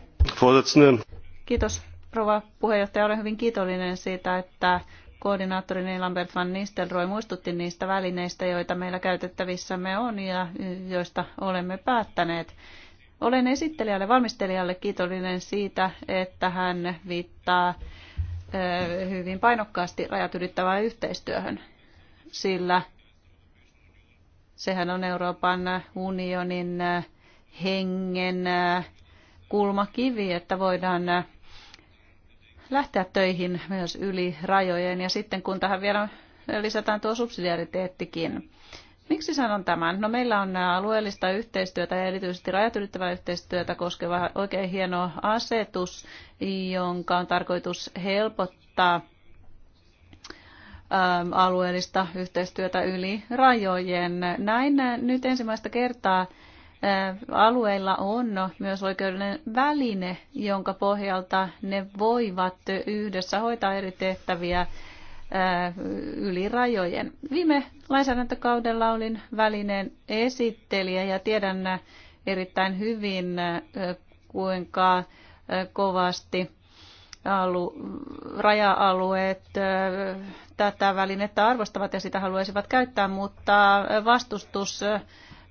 Kiitos rouva puheenjohtaja. Olen hyvin kiitollinen siitä, että koordinaattori Lambert van Nistelrooy muistutti niistä välineistä, joita meillä käytettävissämme on ja joista olemme päättäneet. Olen esittelijälle, valmistelijalle kiitollinen siitä, että hän viittaa hyvin painokkaasti rajat ylittävään yhteistyöhön, sillä sehän on Euroopan unionin hengen kulmakivi, että voidaan äh, lähteä töihin myös yli rajojen ja sitten kun tähän vielä lisätään tuo subsidiariteettikin. Miksi sanon tämän? No meillä on äh, alueellista yhteistyötä ja erityisesti rajat ylittävää yhteistyötä koskeva oikein hieno asetus, jonka on tarkoitus helpottaa ähm, alueellista yhteistyötä yli rajojen. Näin äh, nyt ensimmäistä kertaa alueilla on myös oikeudellinen väline, jonka pohjalta ne voivat yhdessä hoitaa eri tehtäviä yli rajojen. Viime lainsäädäntökaudella olin välineen esittelijä ja tiedän erittäin hyvin, kuinka kovasti alu, raja-alueet tätä välinettä arvostavat ja sitä haluaisivat käyttää, mutta vastustus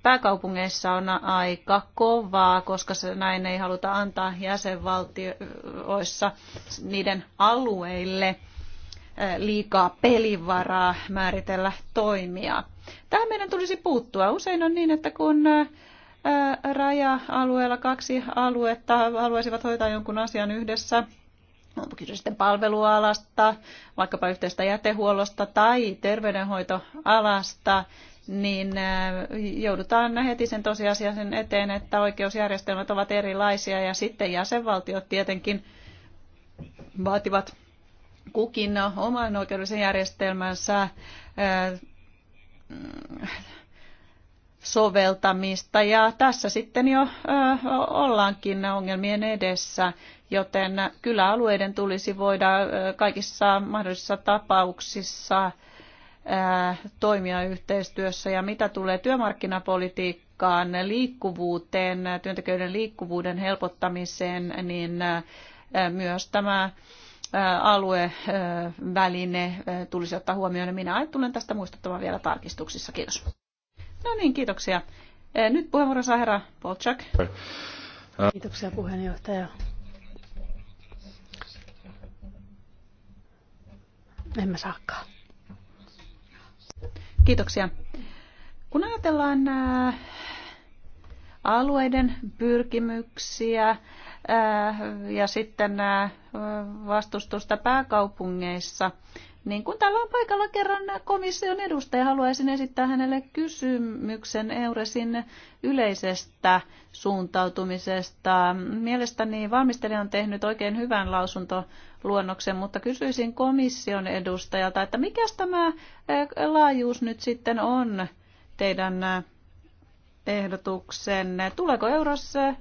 pääkaupungeissa on aika kovaa, koska se näin ei haluta antaa jäsenvaltioissa niiden alueille eh, liikaa pelivaraa määritellä toimia. Tähän meidän tulisi puuttua. Usein on niin, että kun eh, raja-alueella kaksi aluetta haluaisivat hoitaa jonkun asian yhdessä, onko kyse sitten palvelualasta, vaikkapa yhteistä jätehuollosta tai terveydenhoitoalasta, niin äh, joudutaan heti sen tosiasian eteen, että oikeusjärjestelmät ovat erilaisia ja sitten jäsenvaltiot tietenkin vaativat kukin oman oikeudellisen järjestelmänsä äh, soveltamista ja tässä sitten jo äh, ollaankin ongelmien edessä, joten kyllä alueiden tulisi voida kaikissa mahdollisissa tapauksissa toimia yhteistyössä. Ja mitä tulee työmarkkinapolitiikkaan, liikkuvuuteen, työntekijöiden liikkuvuuden helpottamiseen, niin myös tämä alueväline tulisi ottaa huomioon. Minä tulen tästä muistuttamaan vielä tarkistuksissa. Kiitos. No niin, kiitoksia. Nyt puheenvuoro saa herra Polchak. Kiitoksia puheenjohtaja. En mä saakaan. Kiitoksia. Kun ajatellaan äh, alueiden pyrkimyksiä äh, ja sitten äh, vastustusta pääkaupungeissa, niin kun täällä on paikalla kerran komission edustaja, haluaisin esittää hänelle kysymyksen Euresin yleisestä suuntautumisesta. Mielestäni valmistelija on tehnyt oikein hyvän lausuntoluonnoksen, mutta kysyisin komission edustajalta, että mikä tämä eh, laajuus nyt sitten on teidän ehdotuksenne? Tuleeko Eurossa eh,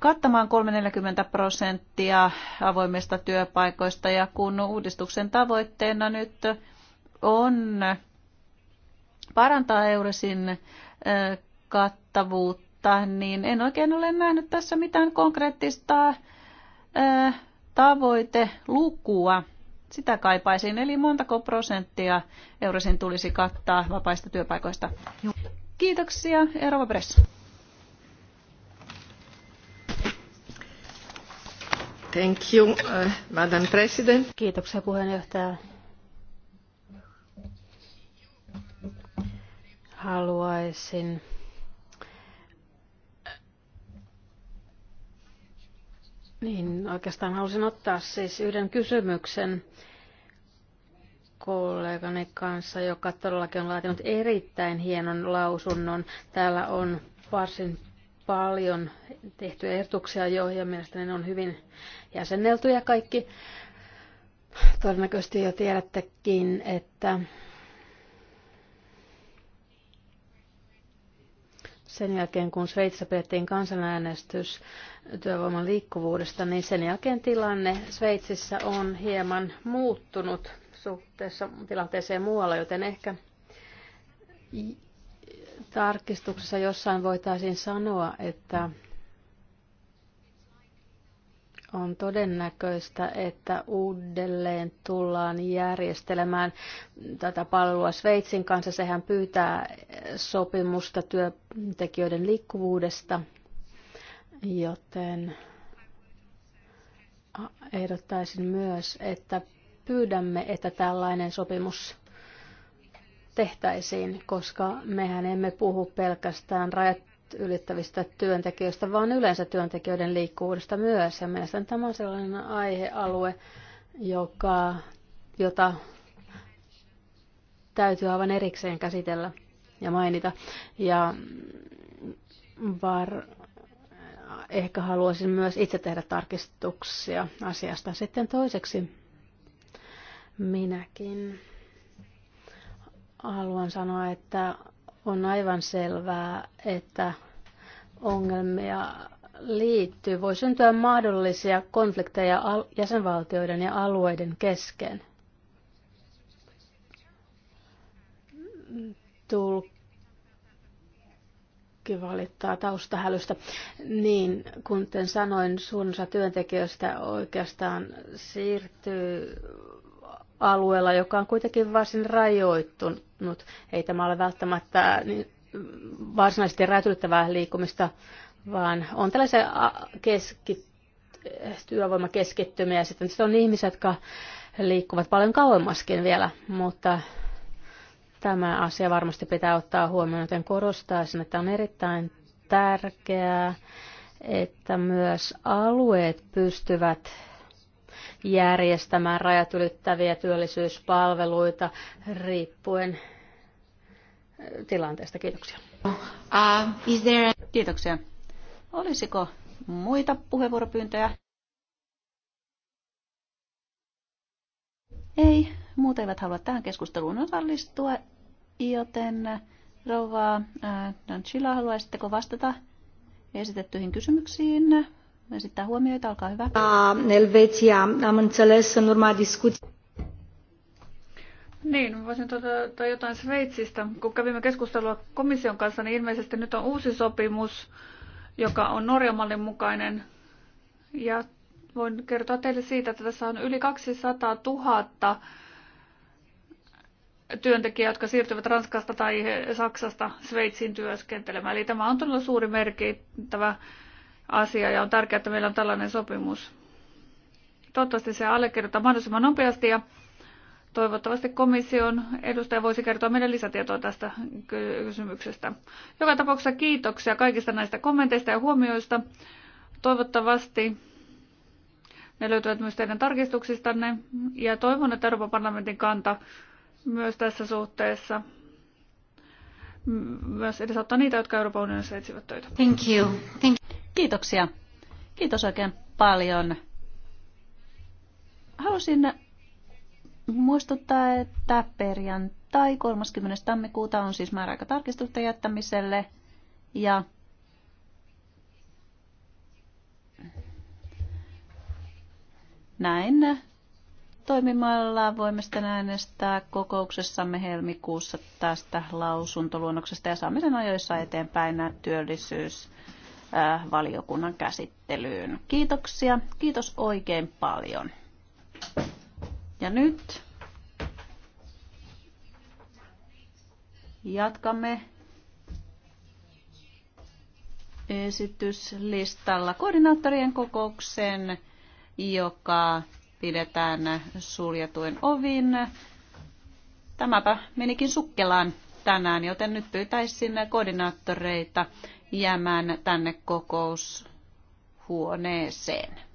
kattamaan 340 prosenttia avoimista työpaikoista ja kun uudistuksen tavoitteena nyt on parantaa Euresin kattavuutta, niin en oikein ole nähnyt tässä mitään konkreettista tavoitelukua. Sitä kaipaisin, eli montako prosenttia Euresin tulisi kattaa vapaista työpaikoista. Kiitoksia, Erova Press. arvoisa uh, puhemies, Haluaisin Niin, oikeastaan halusin ottaa siis yhden kysymyksen kollegani kanssa, joka todellakin on laatinut erittäin hienon lausunnon. Täällä on varsin paljon tehtyjä ehdotuksia jo ja mielestäni ne on hyvin jäsenneltyjä kaikki. Todennäköisesti jo tiedättekin, että sen jälkeen kun Sveitsissä pidettiin kansanäänestys työvoiman liikkuvuudesta, niin sen jälkeen tilanne Sveitsissä on hieman muuttunut suhteessa tilanteeseen muualla, joten ehkä tarkistuksessa jossain voitaisiin sanoa, että on todennäköistä, että uudelleen tullaan järjestelemään tätä palvelua Sveitsin kanssa. Sehän pyytää sopimusta työntekijöiden liikkuvuudesta, joten ehdottaisin myös, että pyydämme, että tällainen sopimus tehtäisiin, koska mehän emme puhu pelkästään rajat ylittävistä työntekijöistä, vaan yleensä työntekijöiden liikkuvuudesta myös. Ja mielestäni tämä on sellainen aihealue, joka, jota täytyy aivan erikseen käsitellä ja mainita. Ja var, ehkä haluaisin myös itse tehdä tarkistuksia asiasta. Sitten toiseksi minäkin haluan sanoa, että on aivan selvää, että ongelmia liittyy. Voi syntyä mahdollisia konflikteja jäsenvaltioiden ja alueiden kesken. Tulkki valittaa taustahälystä. Niin, kuten sanoin, suurin osa työntekijöistä oikeastaan siirtyy alueella, joka on kuitenkin varsin rajoittunut. Ei tämä ole välttämättä niin varsinaisesti räätylyttävää liikkumista, vaan on tällaisia keski, työvoimakeskittymiä. Sitten on ihmisiä, jotka liikkuvat paljon kauemmaskin vielä, mutta tämä asia varmasti pitää ottaa huomioon, joten korostaisin, että on erittäin tärkeää, että myös alueet pystyvät järjestämään rajat ylittäviä työllisyyspalveluita riippuen eh, tilanteesta. Kiitoksia. Uh, there... Kiitoksia. Olisiko muita puheenvuoropyyntöjä? Ei, muut eivät halua tähän keskusteluun osallistua, joten rouva Nanchila, eh, haluaisitteko vastata esitettyihin kysymyksiin? esittää huomioita, olkaa hyvä. Elvetia, am înțeles în urma discuției. Niin, voisin todeta tuota jotain Sveitsistä. Kun kävimme keskustelua komission kanssa, niin ilmeisesti nyt on uusi sopimus, joka on Norjamallin mukainen. Ja voin kertoa teille siitä, että tässä on yli 200 000 työntekijää, jotka siirtyvät Ranskasta tai Saksasta Sveitsiin työskentelemään. Eli tämä on todella suuri merkittävä asia ja on tärkeää, että meillä on tällainen sopimus. Toivottavasti se allekirjoittaa mahdollisimman nopeasti ja toivottavasti komission edustaja voisi kertoa meille lisätietoa tästä kysymyksestä. Joka tapauksessa kiitoksia kaikista näistä kommenteista ja huomioista. Toivottavasti ne löytyvät myös teidän tarkistuksistanne ja toivon, että Euroopan parlamentin kanta myös tässä suhteessa myös edesauttaa niitä, jotka Euroopan unionissa etsivät töitä. Thank you. Thank you. Kiitoksia. Kiitos oikein paljon. Halusin muistuttaa, että perjantai 30. tammikuuta on siis määräaika tarkistusten jättämiselle ja näin toimimalla voimme sitten äänestää kokouksessamme helmikuussa tästä lausuntoluonnoksesta ja saamme sen ajoissa eteenpäin työllisyysvaliokunnan käsittelyyn. Kiitoksia. Kiitos oikein paljon. Ja nyt jatkamme esityslistalla koordinaattorien kokouksen, joka pidetään suljetuin ovin. Tämäpä menikin sukkelaan tänään, joten nyt pyytäisin koordinaattoreita jäämään tänne kokoushuoneeseen.